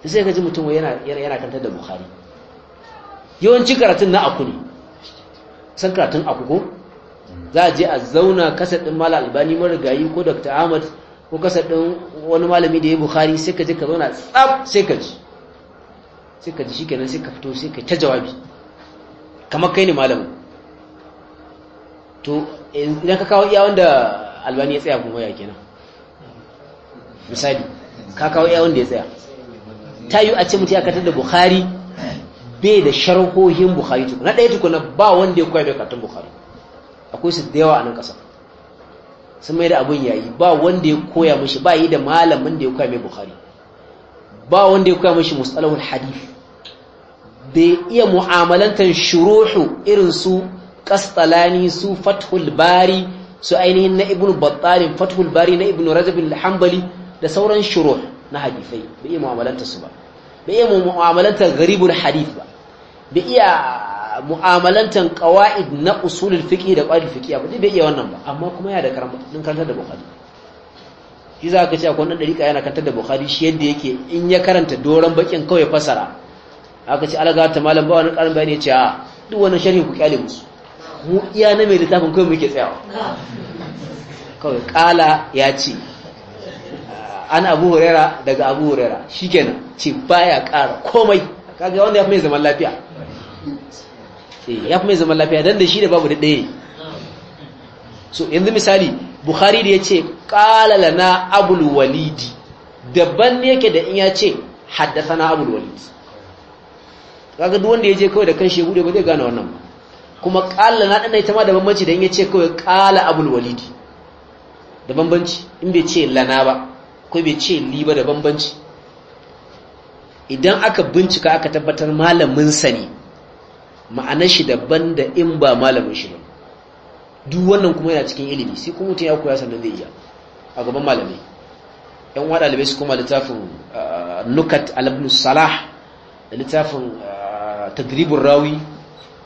ta sai gaji mutum yana kantar da bukhari yawancin karatun na aku ne san karatun aku ko za a je a zauna kasadin mala albani marigayi ko dr ahmad ko kasadin wani malami da ya bukhari sai ka je ka zauna tsab sai ka ji sai ka ji shi kenan sai ka fito sai ka ta jawabi kamar kai ne malamin to eh, idan ka kawo iya wanda albani ya tsaya kuma ya kenan misali ka kawo yawon da ya tsaya ta yi a ce mutu ya katar da bukhari bai da sharhohin bukhari tukun na ɗaya tukuna ba wanda ya kwaya mai katar bukhari akwai su da yawa a nan ƙasa sun mai da abin yi ba wanda ya koya mashi ba yi da malamin da ya koya mai bukhari ba wanda ya koya mashi musalahul hadith da iya mu'amalantar shuruhu irin su kastalani su fathul bari su ainihin na Ibn battalin fathul bari na Ibn rajab al-hanbali da sauran shuruh na hadisai bai iya mu'amalanta su ba bai iya mu'amalanta garibul hadith ba bai iya mu'amalantan qawaid na usulul fiqh da qawaid fiqh ba bai iya wannan ba amma kuma yana da karanta din karanta da bukhari shi za ka ce akwai wannan dariƙa yana kantar da bukhari shi yadda yake in ya karanta doron bakin kawai fasara aka ce alaga ta malam ba wani karin bayani ya ce a duk wannan sharhin ku kyale musu mu iya na mai littafin kawai muke tsayawa kawai kala ya ce an abu hurera daga abu hurera shi shikenan ce ba ya kara komai kaga wanda ya fi mai zaman lafiya ya fi mai zaman lafiya don da shi da babu da ɗaya so yanzu misali buhari da ya ce kalala na abulwalidi daban ne yake da in ya ce haddasa na abulwalidi kaga duk wanda ya je kawai da kan shi ya bude ba zai gane wannan ba kuma ƙala na ɗana ita ma da bambanci da in ya ce kawai ƙala abul walidi da bambanci in bai ce lana ba ko bai ce liba da bambanci idan aka bincika aka tabbatar malamin sa ne shi daban da in ba malamin shi ba duk wannan kuma yana cikin ilimi sai kuma mutum ya koya sannan zai iya a gaban malamai yan waɗa ɗalibai su koma littafin ah, nukat alabnu salah da littafin ah, tadribun rawi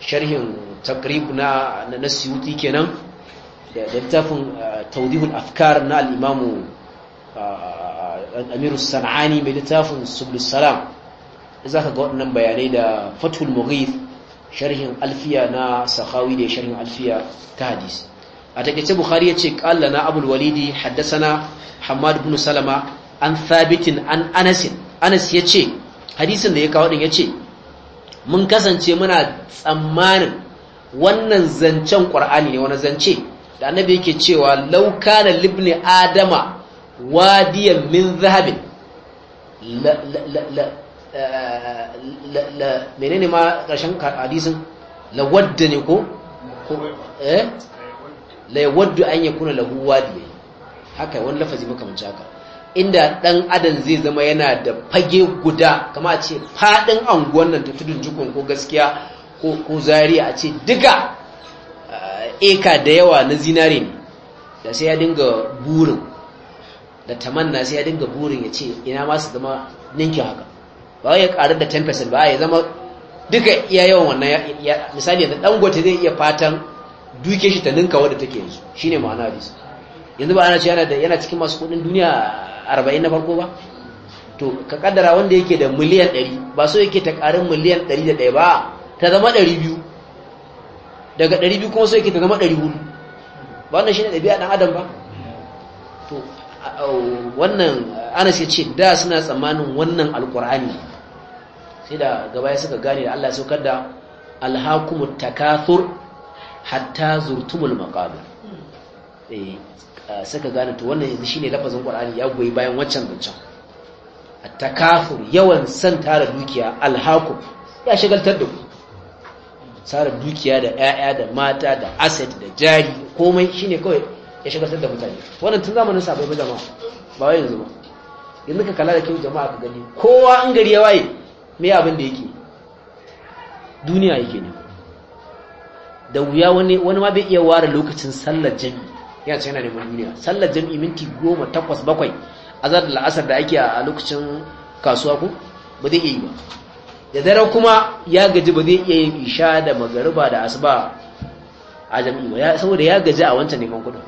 sharhin taqrib na na kenan da littafin tawdihul afkar na Alimamu amiru sanani mai littafin sublus salam za ka ga waɗannan bayanai da fathul mughith sharhin alfiya na sahawi da sharhin alfiya ta hadisi a takaice bukhari ya ce kalla na abul walidi haddasana hamad bin salama an thabitin an anas anas ya ce hadisin da ya kawo ɗin ya ce mun kasance muna tsammanin wannan zancen ƙwar'ani ne wani zance da annabi yake cewa lauka na libni adama wadiyan min zahabin la la la la eh, menene ma karshen hadisin la wadda ne ko eh la yawaddu an kuna lahu ne. haka wani lafazi makamancin haka inda dan adam zai zama yana da fage guda kama ce fadin anguwan nan ta tudun jikon ko gaskiya ko zari a ce duka eh, eka da yawa na zinare ne da sai ya dinga burin da tamanna sai ya dinga burin ya ce ina ma su zama ninkin haka ba ya karu da 10% ba ya zama duka iya yawan wannan misali yanzu dangote zai iya fatan duke shi ta ninka wadda take yanzu shi ne ma'ana hadisi yanzu ba ana ce yana cikin masu kudin duniya 40 na farko ba to ka kaddara wanda yake da miliyan 100 ba so yake ta karin miliyan 101 ba ta zama ɗari biyu daga ɗari biyu kuma sai ke ta zama ɗari hudu ba wannan shi ne ɗabi'a ɗan adam ba to wannan ana sai ce da suna tsammanin wannan alkur'ani sai da gaba ya suka gane da allah saukar da alhakumut takathur hatta zurtumul maqabir eh, suka gane to wannan shi ne lafazin Qur'ani ya goyi bayan waccan zancen A takafur yawan san tara dukiya alhakum ya shigaltar da ku tsara dukiya da 'ya'ya da mata da asset da jari komai shine kawai ya shiga da mutane wannan tun zamanin sabai ba jama'a ba wai yanzu ba yanzu ka kala da kyau jama'a ka gani kowa an gari ya waye me abin da yake duniya yake ne da wuya wani wani ma bai iya ware lokacin sallar jami'i yana ce yana neman duniya sallar jami'i minti goma takwas bakwai azar da la'asar da ake a lokacin kasuwa ko ba zai iya yi ba da dare kuma ya gaji ba zai iya yin isha da magariba da asuba a jami'i ba saboda ya gaji a wancan neman kudin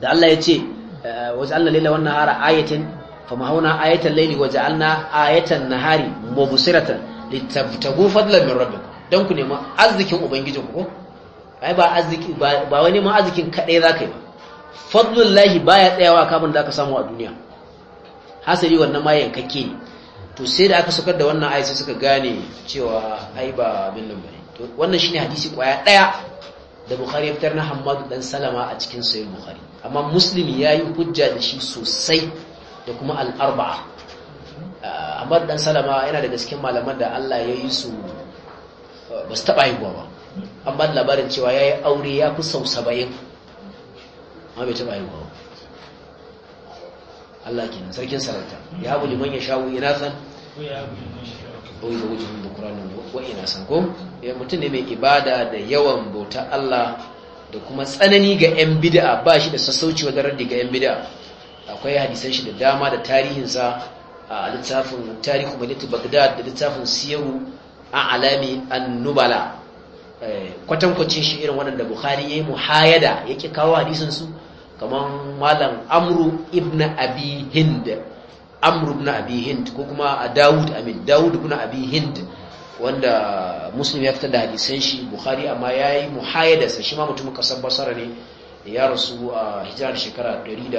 da Allah ya ce eh, waje Allah laila wannan hara ayatin fa mahauna ayatan laili waje alna ayatan nahari mubsiratan litabtagu fadlan min rabin, dan ku nema arzikin ubangijinku ko ai ba arziki ba wani ma arzikin kadai zakai ba fadlullahi baya tsayawa kafin da ka samu a duniya hasari wannan ma yankakke ne to sai da aka sukar da wannan ayi suka gane cewa ai ba abin nan bane to wannan shine hadisi kwaya daya da bukhari fitar na hammadu dan salama a cikin sahih bukhari amma muslim yayi hujja da shi sosai da kuma al-arba'a ah, amma dan salama yana da cikin malaman da Allah ya yi su ah, ba su taba haihuwa ba amma labarin cewa yayi aure ya fi sau 70 amma bai taba haihuwa ba Allah kenan sarkin sarauta ya abu liman ya shawo ina san Ko ya wujin da Qur'anin Ko ina san ko ya eh, mutum ne mai ibada da yawan bauta Allah da kuma tsanani ga yan bid'a ba shi da sassauci wajen raddi ga yan bid'a akwai hadisan shi da dama da tarihin sa a littafin tarihu madinatu Baghdad da littafin siyaru a alami an-nubala eh, kwatankwacin shi irin wannan da ya yi muhayada yake kawo hadisin su kamar malam amru ibn abi hind amru ibn abi hind ko kuma a dawud amin dawud ibn abi hind wanda muslim ya fitar da hadisan shi bukhari amma ya yayi sa shi ma mutumin kasar basara ne ya rasu a hijirar shekara 140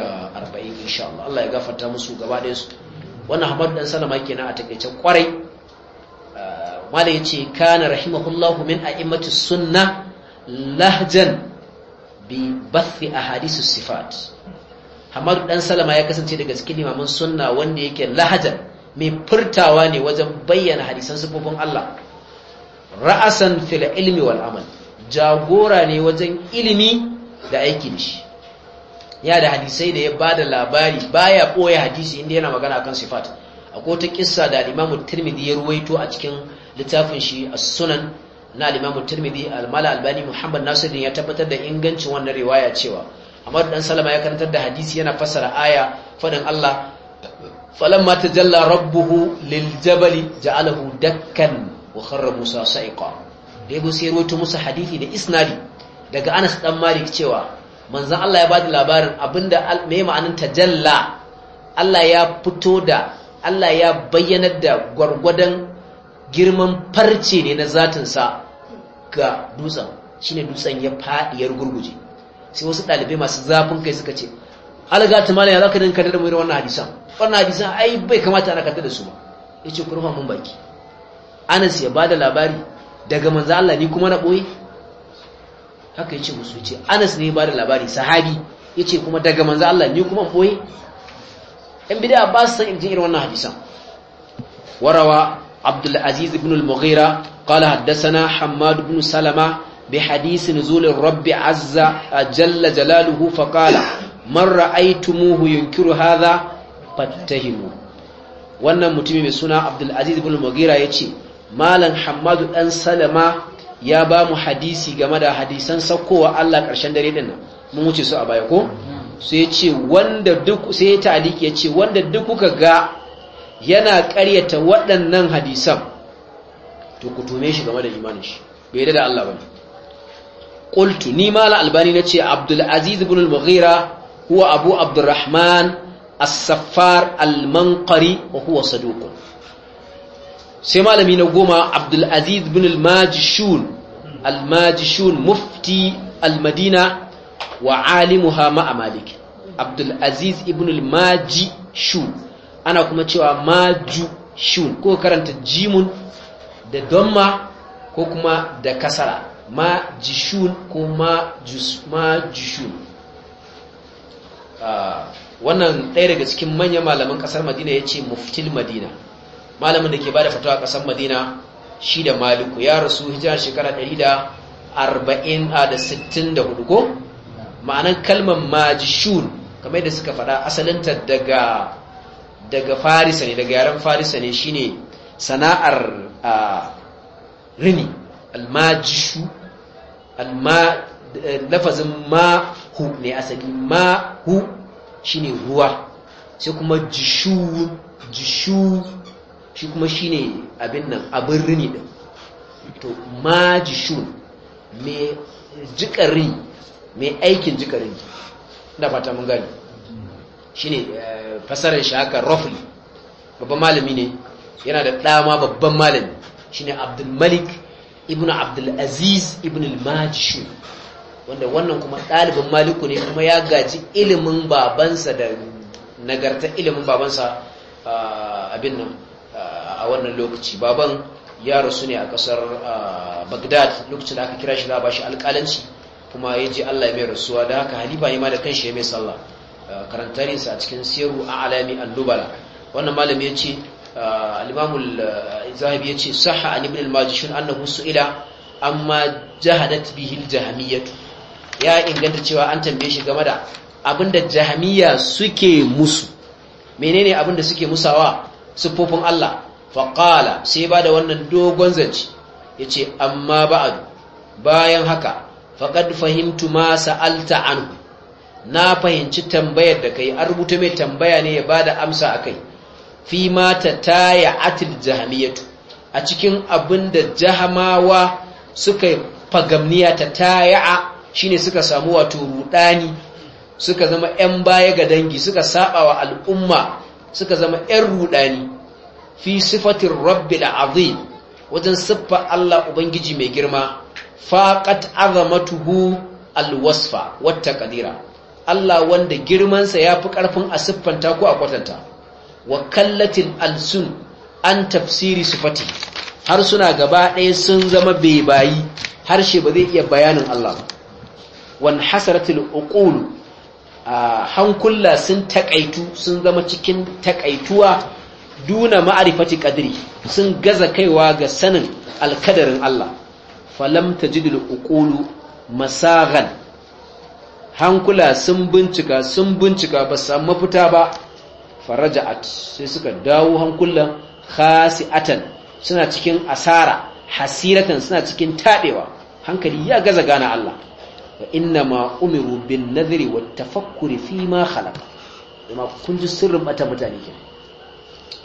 insha Allah Allah ya gafarta musu gaba ɗayan su wannan Ahmad dan Salama kenan a takeice kwarai ah, malai yace kana rahimahullahu min a'immatis sunna lahjan bi bathi ahadisu sifat Hamadu dan Salama ya kasance daga cikin limamin sunna wanda yake lahaja mai furtawa ne wajen bayyana hadisan sifofin Allah ra'asan fil ilmi wal amal jagora ne wajen ilimi da aiki da shi ya da hadisai da ya bada labari baya boye hadisi inda yana magana akan sifat akwai ta kissa da Imam Tirmidhi ya ruwaito a cikin littafin shi As-Sunan na al-Imam Tirmidhi al-Mala Albani Muhammad Nasiruddin ya tabbatar da ingancin wannan riwaya cewa Ahmad dan Salama ya karantar da hadisi yana fassara aya faɗin Allah falamma tajalla rabbuhu liljabali ja'alahu dakkan wa kharra Musa sa'iqa da yabo sai rawaito musu hadisi da isnadi daga Anas dan Malik cewa manzon Allah ya bada labarin abinda me ma'anin tajalla Allah ya fito da Allah ya bayyanar da gwargwadon girman farce ne na zatinsa ga dutsen shine dutsen ya faɗi ya gurguje sai wasu ɗalibai masu zafin kai suka ce alga tumala ya zaka dinka da mu irin wannan hadisan wannan hadisan ai bai kamata ana kanta da su ba yace ku rufa mun baki Anas ya bada labari daga manzo Allah ni kuma na boye haka yace musu yace Anas ne ya bada labari sahabi yace kuma daga manzo Allah ni kuma boye in bid'a ba su san injin irin wannan hadisan warawa Abdul Aziz ibn al-Mughira قال حدثنا حماد بن سلمة بحديث نزول الرب عز جل جلاله فقال من رأيتموه ينكر هذا فاتهموا wannan mutumin mai suna abdulaziz bin mugira ya ce malam hamadu ɗan salama ya ba mu hadisi game da hadisan saukowa allah ƙarshen dare ɗin nan mun wuce su a baya ko sai ce wanda duk sai ya ya ce wanda duk kuka ga yana ƙaryata waɗannan hadisan to ku tume shi game da imanin shi bai yarda da Allah bane qultu ni mala albani nace abdul aziz ibn al mughira huwa abu abdurrahman as-saffar al-manqari wa huwa saduq sai malami na goma abdul aziz ibn al majishun al majishun mufti al madina wa alimuha ma'a malik abdul aziz ibn al majishun ana kuma cewa majishun ko karanta jimun da donma ko kuma da kasara ma jishun ko ma jishun ah, wannan ɗaya daga cikin manyan malaman ƙasar madina ya ce muftil madina malamin da ke ba da fatawa ƙasar madina shi da maliku ya rasu hijira shekara hudu ko ma'anan kalmar majishun kamar da suka faɗa asalinta daga daga farisa ne daga yaren farisa ne shine sana'ar rini almajishu alma eh, lafazin mahu ne asali mahu shine ruwa sai kuma jishu jishu shi kuma shine abin nan abin rini ɗin to majishun mai jikari mai aikin jikarin da fata mun gani shine eh, fasarar shi haka roughly babban malami ne yana da ɗama babban malami Shi ne Abdulmalik, ibn abdulaziz ibn al wanda wannan kuma ɗalibin maliku ne kuma ya gaji ilimin babansa da nagarta ilimin babansa abin nan a wannan lokaci baban ya rasu ne a ƙasar bagdad lokacin da aka kira shi za a shi alƙalanci kuma ya je allah mai rasuwa da haka halifa ne ma da kanshi ya mai sallah karantarinsa a cikin siru a alami al wannan malami ya ce al-imamul zahabi yace sahha an ibn al-majishun annahu su'ila amma jahadat bihi al ya inganta cewa an tambaye shi game da abinda jahmiya suke musu menene abin da suke musawa siffofin Allah faqala sai ba da wannan dogon zance yace amma ba'du bayan haka faqad fahimtu ma sa'alta anhu na fahimci tambayar da kai an rubuta mai tambaya ne ya bada amsa a kai. fi mata taya atil jahamiyatu a cikin abin da jahamawa suka fagamniya ta taya'a shine suka samu wato rudani suka zama 'yan baya ga dangi suka saba wa al'umma suka zama 'yan rudani fi sifatin rabbi azi wajen siffa Allah Ubangiji mai girma faqat azamatuhu alwasfa wata ƙadira, Allah wanda girmansa ya fi ƙarfin a siffanta ko a kwatanta wa kallatin alsun an tafsiri sufati har suna gaba ɗaya sun zama bai bayi harshe ba zai iya bayanin Allah ba wan hasaratul uqul hankula sun takaitu sun zama cikin takaituwa duna ma'arifati qadri sun gaza kaiwa ga sanin alkadarin Allah falam tajidul uqulu masagan hankula sun bincika sun bincika ba su samu mafita ba faraja'at sai suka dawo hankulan khasi'atan suna cikin asara hasiratan suna cikin tadewa hankali ya gaza gana Allah wa inna ma umiru bin nadhri wat tafakkuri fi ma khalaq kuma kun ji sirrin mata mutane ke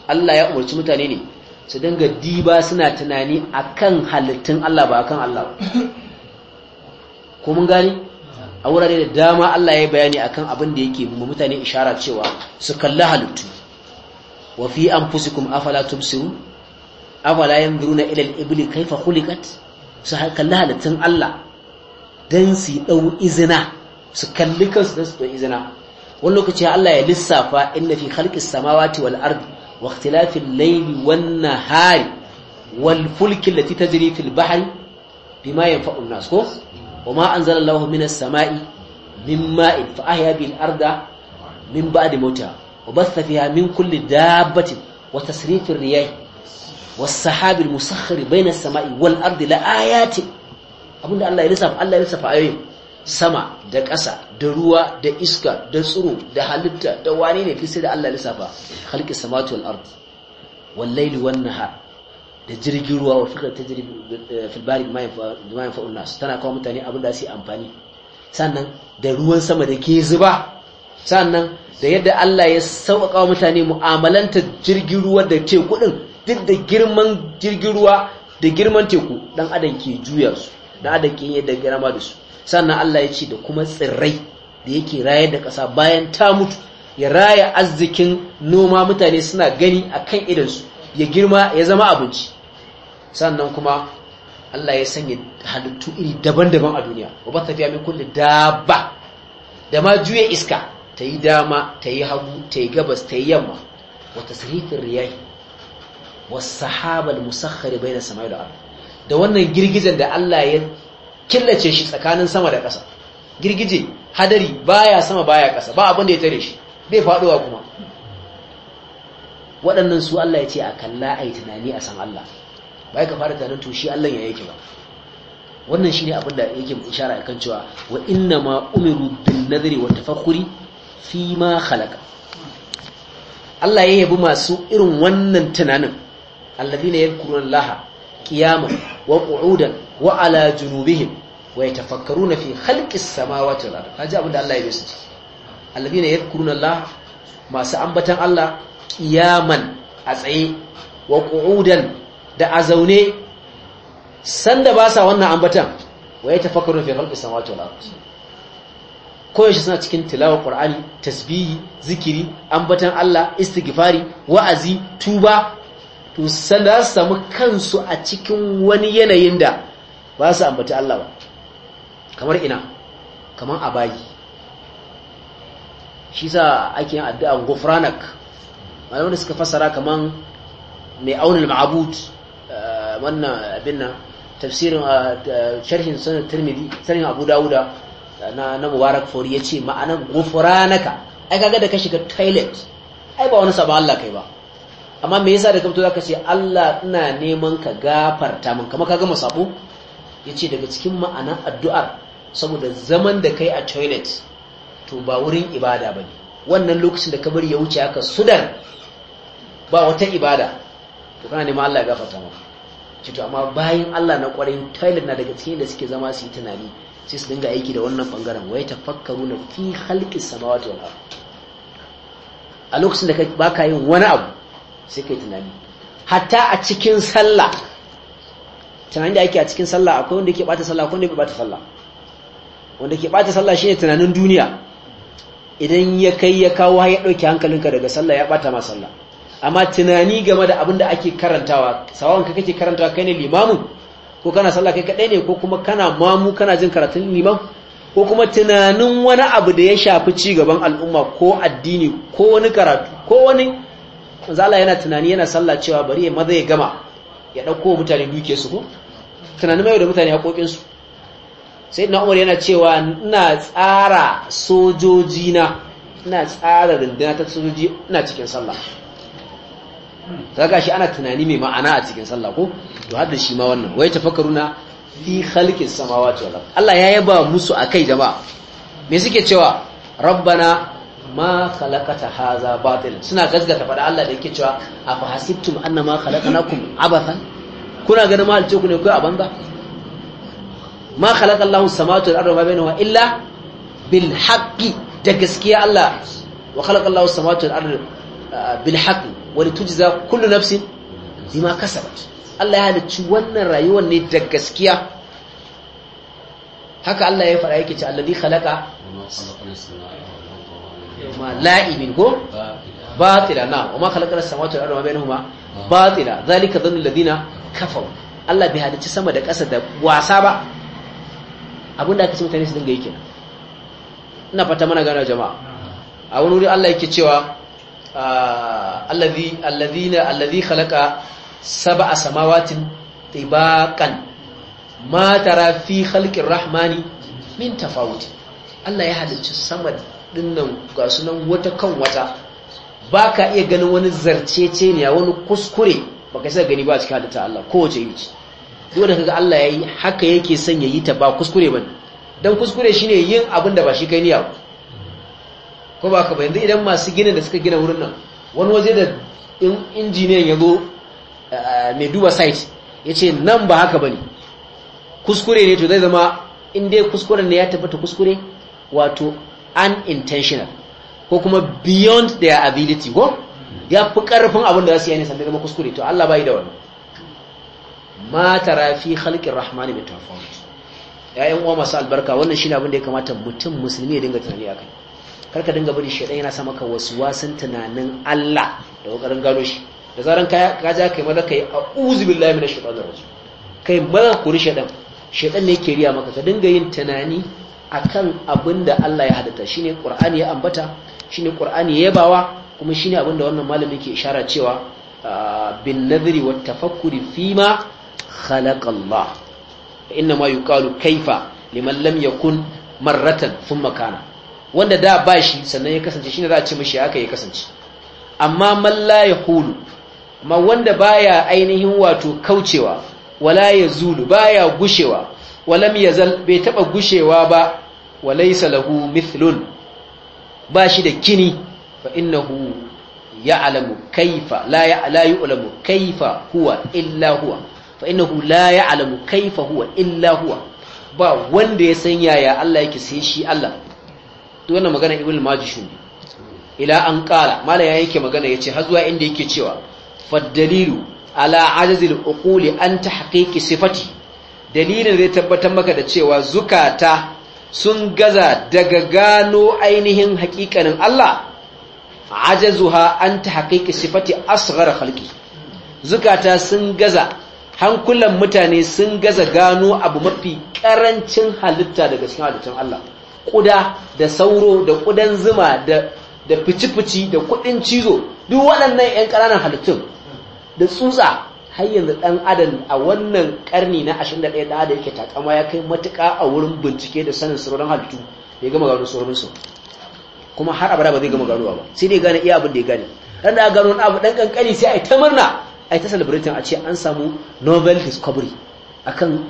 Allah ya umarci mutane ne su dinga diba suna tunani akan halittun Allah ba akan Allah ko mun gani a wurare da dama Allah ya bayani akan abin da yake mu mutane ishara cewa su kalli halittu wa fi anfusikum afala tubsirun afala yanzuruna ila al-ibli kayfa khuliqat su kalli halittun Allah dan su dau izina su kalli kansu dan su dau izina wani lokaci Allah ya lissafa inna fi khalqis samawati wal ardi wa ikhtilafil layli wan nahari wal fulki allati tajri fil bahri bima yanfa'u nas ko wa ma anzalallahu minas sama'i min ma'in fa ahya bil arda min ba'di mota. wa batha fiha min kulli dabbatin wa tasrifir riyah was sahabil musakhkhir bayna as-sama'i wal ardi la ayatin abinda Allah ya lissafa Allah ya lissafa ayoyin sama da ƙasa da ruwa da iska da tsiro da halitta da wane ne fi sai da Allah lissafa khalqis samawati wal ardi wal layli wan nahar da jirgin ruwa wa fikar ta jirgin eh, filbari mayan fa'un nasu tana kawo mutane abin da su amfani sannan da ruwan sama da ke zuba sannan da yadda Allah ya sauƙaƙa mutane mu'amalanta jirgin ruwa da teku ɗin duk da girman jirgin ruwa da girman teku ɗan adam ke juya su ɗan adam ke yadda girma da su sannan Allah ya ce da kuma tsirrai da yake rayar da ƙasa bayan ta mutu ya raya arzikin noma mutane suna gani a kan idansu ya girma ya zama abinci sannan kuma Allah ya sanya halittu iri daban-daban a duniya wa ba tafiya min kulle dabba da ma juya iska ta yi dama ta yi hagu ta yi gabas ta yi yamma wa tasrifin wasu wa musakhari bai na samayi da ardh da wannan girgizan da Allah ya killace shi tsakanin sama da ƙasa girgije hadari baya sama baya ƙasa ba abin da ya tare shi bai faɗowa kuma waɗannan su Allah ya ce a kalla a yi tunani a san Allah bai ka fara tunanin to shi Allah ya yake ba wannan shine abin da yake ishara akan cewa wa inna ma umiru bin nadri wa tafakhuri fi ma khalaqa Allah ya yabi masu irin wannan tunanin alladhina yadhkuruna Allaha qiyaman wa qu'udan wa ala junubihim wa yatafakkaruna fi khalqis samawati wal ard kaji abin da Allah ya yi su alladhina yadhkuruna Allaha masu ambatan Allah kiyaman a tsaye wa ƙudan da a zaune sanda ba sa wannan ambatan wa yatafakkaru fi khalqis samawati wal ardi koyaushe suna cikin tilawa qur'ani tasbihi zikiri ambatan Allah istigifari wa'azi tuba to sanda su samu kansu a cikin wani yanayin da ba su ambata Allah ba kamar ina kamar a bayi shi sa ake yin addu'an gufranak da suka fassara kamar mai aunin ma'abud eh, wannan abin nan tafsirin eh, eh, sharhin sanar turmidi sanin abu dawuda na na mubarak fori yace gofura naka. ai kaga da ka shiga toilet ai ba wani sabon Allah kai ba amma me yasa da ka zaka ce Allah ina neman ka gafarta min kamar ka gama sabo ce daga cikin ma'anar addu'ar saboda zaman da kai a toilet to ba wurin ibada ba ne. wannan lokacin da ka bari ya wuce haka sudar ba wata ibada to kana neman Allah ya gafarta maka ci to amma bayan Allah na kwarin tailin na daga cikin da suke zama su yi tunani sai su dinga aiki da wannan bangaren wai tafakkaru na fi halqis samawati wal ard a lokacin da baka yin wani abu sai kai tunani hatta a cikin sallah tunanin da ake a cikin sallah akwai wanda yake bata sallah akwai wanda yake bata sallah wanda ke bata sallah shine tunanin duniya idan ya kai ya kawo ya dauke hankalinka daga sallah ya bata ma sallah amma tunani game da abin da ake karantawa sawon ka kake karantawa kai ne limamin ko kana sallah kai kadai ne ko kuma kana mamu kana jin karatun liman ko kuma tunanin wani abu da ya shafi ci gaban al'umma ko addini ko wani karatu ko wani zala yana tunani yana sallah cewa bari ya maza ya gama ya dauko mutane duke su ko tunanin mai da mutane hakokin su sai na umar yana cewa ina tsara sojojina, ina tsara runduna ta sojoji ina cikin sallah saka shi ana tunani mai ma'ana a cikin sallah ko to hadda shi ma wannan wai tafakkaruna fi khalqis samawati wal Allah ya yaba musu akai jama'a me suke cewa rabbana ma khalaqata hadha batil suna gazgata fada Allah da yake cewa afa hasibtum annama khalaqnakum abathan kuna ganin mahalce ku ne kai a banza ma khalaqa Allahu samawati wal arda ma bainahuma illa bil haqqi da gaskiya Allah wa khalaqa Allahu samawati wal arda ah, bil haqqi wani tujza kullu nafsin bima kasabat Allah ya halicci wannan rayuwar ne da gaskiya haka Allah ya fara yake ce alladhi khalaqa ma la'ibin ko batila na wa ma khalaqa as-samawati wal arda bainahuma batila zalika dhannu alladhina kafaru Allah bai halicci sama da ƙasa da wasa ba abinda aka ce mutane su dinga yake ina fata mana gano jama'a a wani wuri Allah yake cewa alladhi alladhina alladhi khalaqa sab'a samawatin tibaqan ma tara fi khalqir rahmani min tafawut Allah ya halicci sama dinnan ga sunan wata kan wata baka iya ganin wani zarcece ne wani kuskure baka sai gani ba cikin halitta Allah kowace yi duk da kaga Allah yayi haka yake son yayi ta ba kuskure ba dan kuskure shine yin abin da ba shi kai niyya ko ba ka ba yanzu idan masu ginin da suka gina wurin nan wani waje da injiniyan ya zo eh, mai duba site ya ce nan ba haka ba ne kuskure ne to zai zama inda dai kuskuren ne ya tabbata kuskure wato unintentional ko kuma beyond their ability ko ya fi ƙarfin abin da za su yi ne sannan zama kuskure to Allah bai da wannan ma tara fi khalqir rahmani bi ya yi uwa masu albarka wannan shi ne abin da ya kamata mutum musulmi ya dinga tunani a kai. karka dinga bari shaidan yana sa maka wasan tunanin Allah da kokarin gano shi da zaran ka ka ja kai maza kai a'udhu billahi minash shaitanir rajim kai maza kuri shaidan shaidan ne yake riya maka ka dinga yin tunani akan abinda Allah ya hadatta shine Qur'ani ya ambata shine Qur'ani ya yabawa kuma shine abinda wannan malami ke ishara cewa ah, bin nadri wat tafakkuri fima khalaqa Allah inna ma yuqalu kaifa liman lam yakun marratan thumma kana wanda da ba shi sannan ya kasance ne za a ce mashi haka ya kasance amma malla ya hulu amma wanda baya ainihin wato kaucewa wala ya ba baya gushewa walam zal, bai taɓa gushewa ba walaysa lahu mithlun ba shi da kini fa innahu alamu kaifa la la alamu kaifa huwa illa huwa fa innahu la alamu kaifa huwa illa huwa ba wanda ya san yaya Allah yake sai shi Allah duk wannan magana ibn majishun ila an kala mala ya yake magana yace har zuwa inda yake cewa faddalilu ala ajazil uquli an tahqiqi sifati dalilin zai tabbatar maka da cewa zukata sun gaza daga gano ainihin hakikanin Allah ajazuha an tahqiqi sifati asghar khalqi zukata sun gaza hankulan mutane sun gaza gano abu mafi karancin halitta daga cikin halittun Allah Kuda, da sauro da kudan zuma da fici-fici da kuɗin cizo duk waɗannan 'yan ƙananan halittun da tsutsa har yanzu ɗan adam a wannan ƙarni na 21 da da yake takama ya kai matuƙa a wurin bincike da sanin sauran halittu da ya gama gano sauransu kuma har abada ba zai gama ganowa ba sai dai gane iya abin da ya gane Dan da gano abu ɗan ƙanƙani sai a yi ta murna a yi ta celebrating a ce an samu novel discovery akan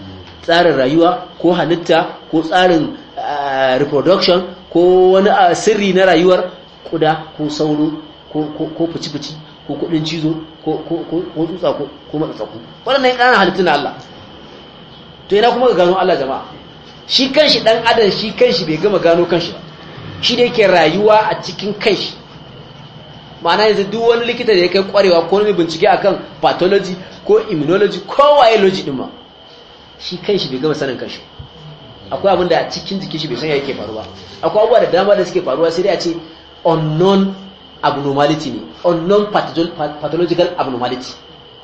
tsarin rayuwa ko halitta ko tsarin Eh, reproduction ko wani eh, sirri na rayuwar kuda ko sauro ko fici-fici ko kudin cizo ko tsutsa ko matsatsaku waɗannan ƙananan halittu na Allah to yana kuma ga gano Allah jama'a shi kanshi ɗan adam shi kanshi bai gama gano kanshi ba shi da yake rayuwa a cikin kanshi ma'ana yanzu duk wani likita da ya kai kwarewa ko wani bincike a kan pathology ko immunology ko wayology ɗin din ma shi kanshi bai gama sanin kanshi akwai abin da cikin jikin shi bai san yake faruwa akwai abubuwa da dama da suke faruwa sai dai a ce unknown abnormality ne unknown pathological abnormality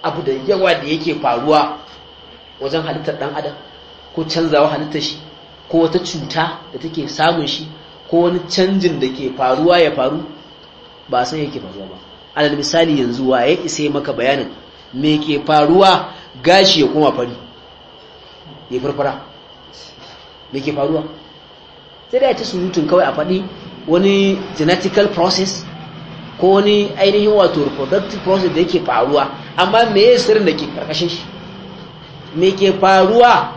abu da yawa da yake faruwa wajen halittar dan adam ko canzawa halittar shi ko wata cuta da take samun shi ko wani canjin da ke faruwa ya faru ba san yake faruwa ba alal misali yanzu wa ya isa maka bayanin me ke faruwa gashi ya koma fari ya farfara me ke faruwa sai da ya ci surutun kawai a faɗi wani genetical process ko wani ainihin wato reproductive process da yake faruwa amma me ya sirrin da ke karkashin shi me ke faruwa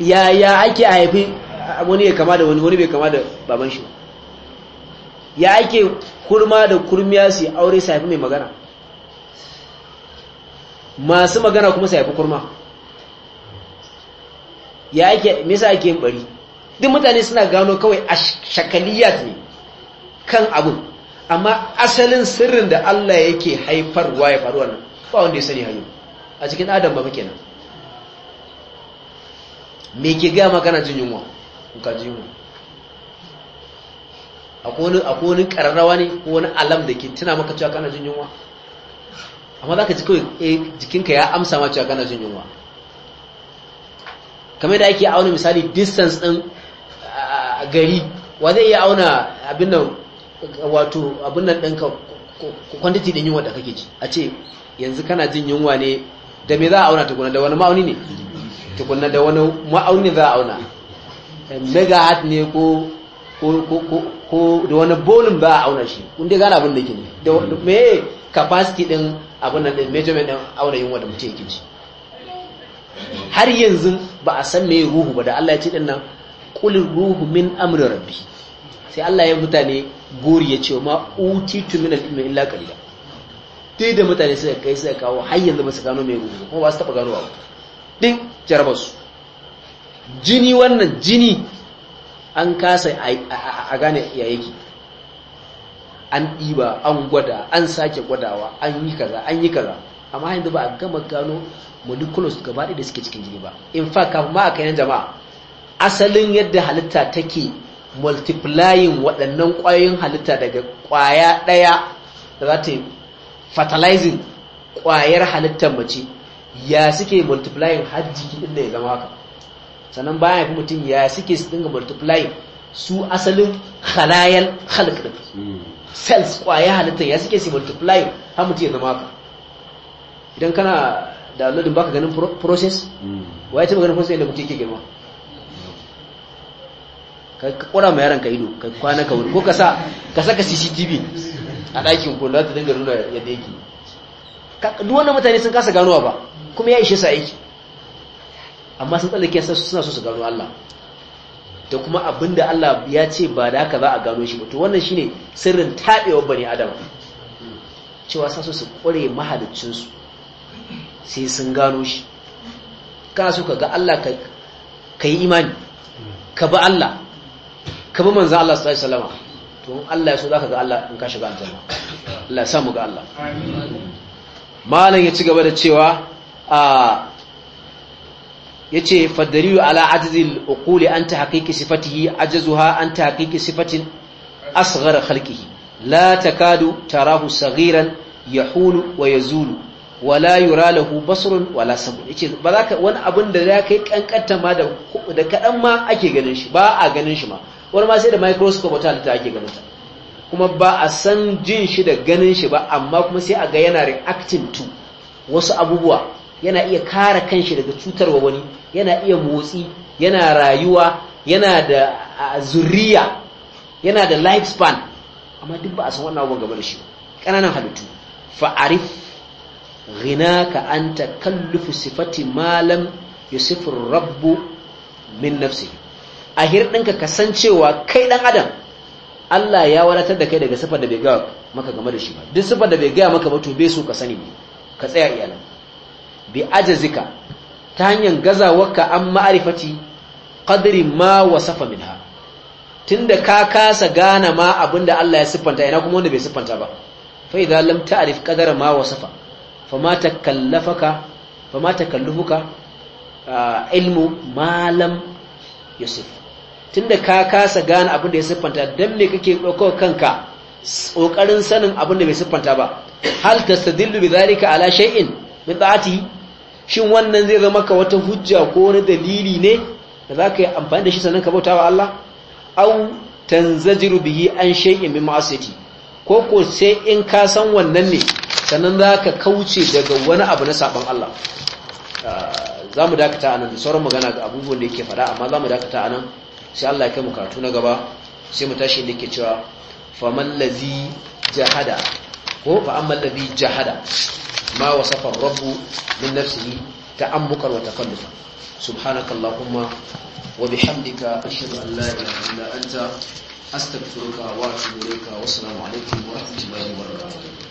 yaya ake haifi wani ya kama da wani wani bai kama da baban shi ya ake kurma da kurmiya su aure su haifi mai magana masu magana kuma su haifi kurma ya yake misa ake yin bari duk mutane suna gano kawai a shakaliyat ne kan abu, amma asalin sirrin da Allah yake haifarwa ya faru nan ba wanda ya sani hayo a cikin adam ba muke nan me ke gama kana jin yunwa ka ji yunwa akwai wani ƙararrawa ne ko wani alam da ke tuna maka cewa kana jin yunwa amma za ka ji kawai eh, jikinka ya amsa ma cewa kana jin yunwa kamar da ake auna misali distance din gari wa zai iya auna abin nan wato abin nan ɗinka quantity din yunwa da kake ji a ce yanzu kana jin yunwa ne da me za a auna tukuna da wani ma'auni ne tukuna da wani ma'auni za a auna hat ne ko ko ko da wani bolin ba a auna shi kunda gana abin da yake ne da me capacity din abin nan measurement din auna yunwa da mutum yake ji har yanzu ba a san mai ruhu ba da Allah ya ce din nan qul ruhu min amri rabbi sai Allah ya mutane gori ya ce ma utitu min al-ilmi illa qalila dai da mutane suka kai suka kawo har yanzu ba su gano mai ruhu kuma ba su taba gano ba din jarabar su jini wannan jini an kasa a gane ya yake an ɗiba an gwada an sake gwadawa an yi kaza an yi kaza amma yanzu ba a gama gano molecules gaba da suke cikin jini ba in fact kafin ma aka yan jama'a asalin yadda halitta take multiplying waɗannan ƙwayoyin halitta daga ƙwaya ɗaya da za ta fertilizing ƙwayar halittar mace ya suke multiplying har jiki da ya zama haka sannan bayan haifi mutum ya suke su dinga multiplying su asalin halayen halittar cells ƙwayar halitta ya suke su multiplying har mutum ya zama haka idan kana da baka hmm. ganin process waye ta ganin process da mutum ke girma ka kura ma yaran ka ido ka kwana ka wuri ko ka sa ka saka CCTV a ɗakin ku da ta dinga nuna yadda yake duk wannan mutane sun kasa ganowa ba kuma ya ishe su aiki amma sun tsallake su suna so su gano Allah da kuma abinda Allah ya ce ba da haka za a gano shi ba to wannan shine sirrin taɓewar bani adama cewa sa so su kware mahaliccinsu. sai sun gano shi kana so ka ga Allah ka yi imani ka bi Allah ka bi manzan Allah sallallahu alaihi wasallam to Allah ya so zaka ga Allah in ka shiga aljanna Allah ya samu ga Allah malam ya ci gaba da cewa a yace fadariyu ala ajdil uquli an tahqiqi sifatihi ajazuha an tahqiqi sifatin asghar khalqihi la takadu tarahu saghiran yahulu wa yazulu wala yura lahu basrun wala samun yace ba za ka wani abin da za kai yi kankanta ma da da kadan ma ake ganin shi ba a ganin shi ma wani ma sai da microscope ta ta ake ganin ta kuma ba a san jin shi da ganin shi ba amma kuma sai a ga yana reacting to wasu abubuwa yana iya kare kanshi daga cutarwa wani yana iya motsi yana rayuwa yana da zuriya yana da lifespan amma duk ba a san wannan abubuwan gaba da shi ƙananan halittu fa'arif ghinaka an takallufu sifati malam yusufur rabbu min nafsi a hirɗinka kasancewa kai ɗan adam Allah ya wadatar da kai daga sifar da bai ga maka game da shi ba duk sifar da bai ga maka ba to bai so ka sani ne ka tsaya iyalan bi ajazika ta hanyar gazawarka an ma'arifati qadri ma wasafa minha tunda ka kasa gane ma abinda Allah ya siffanta ina kuma wanda bai siffanta ba fa idza lam ta'rif qadara ma wasafa fama kallafaka, fama takallufuka ilmu malam yusuf tunda ka kasa gane abin da ya siffanta dan me kake dauko kanka kokarin sanin abin da bai siffanta ba hal tastadillu zalika ala shay'in min da'ati shin wannan zai zama ka wata hujja ko wani dalili ne da zaka yi amfani da shi sanan ka bauta wa Allah au tanzajiru bihi an shay'in min ma'asiyati ko ko sai in ka san wannan ne sannan za ka kauce daga wani abu na saban Allah ah, za mu dakata a nan sauran magana ga abubuwan da yake faɗa amma za mu dakata a nan sai Allah ya kai mu karatu na gaba sai mu tashi da ke cewa faman lazi jahada ko fa'amman lazi jahada ma wasafa rabbu min nafsihi ta'ammukan wa takallufa subhanakallahumma wa bihamdika ashhadu an la ilaha illa anta astaghfiruka wa atubu ilayka wa assalamu alaikum wa rahmatullahi wa barakatuh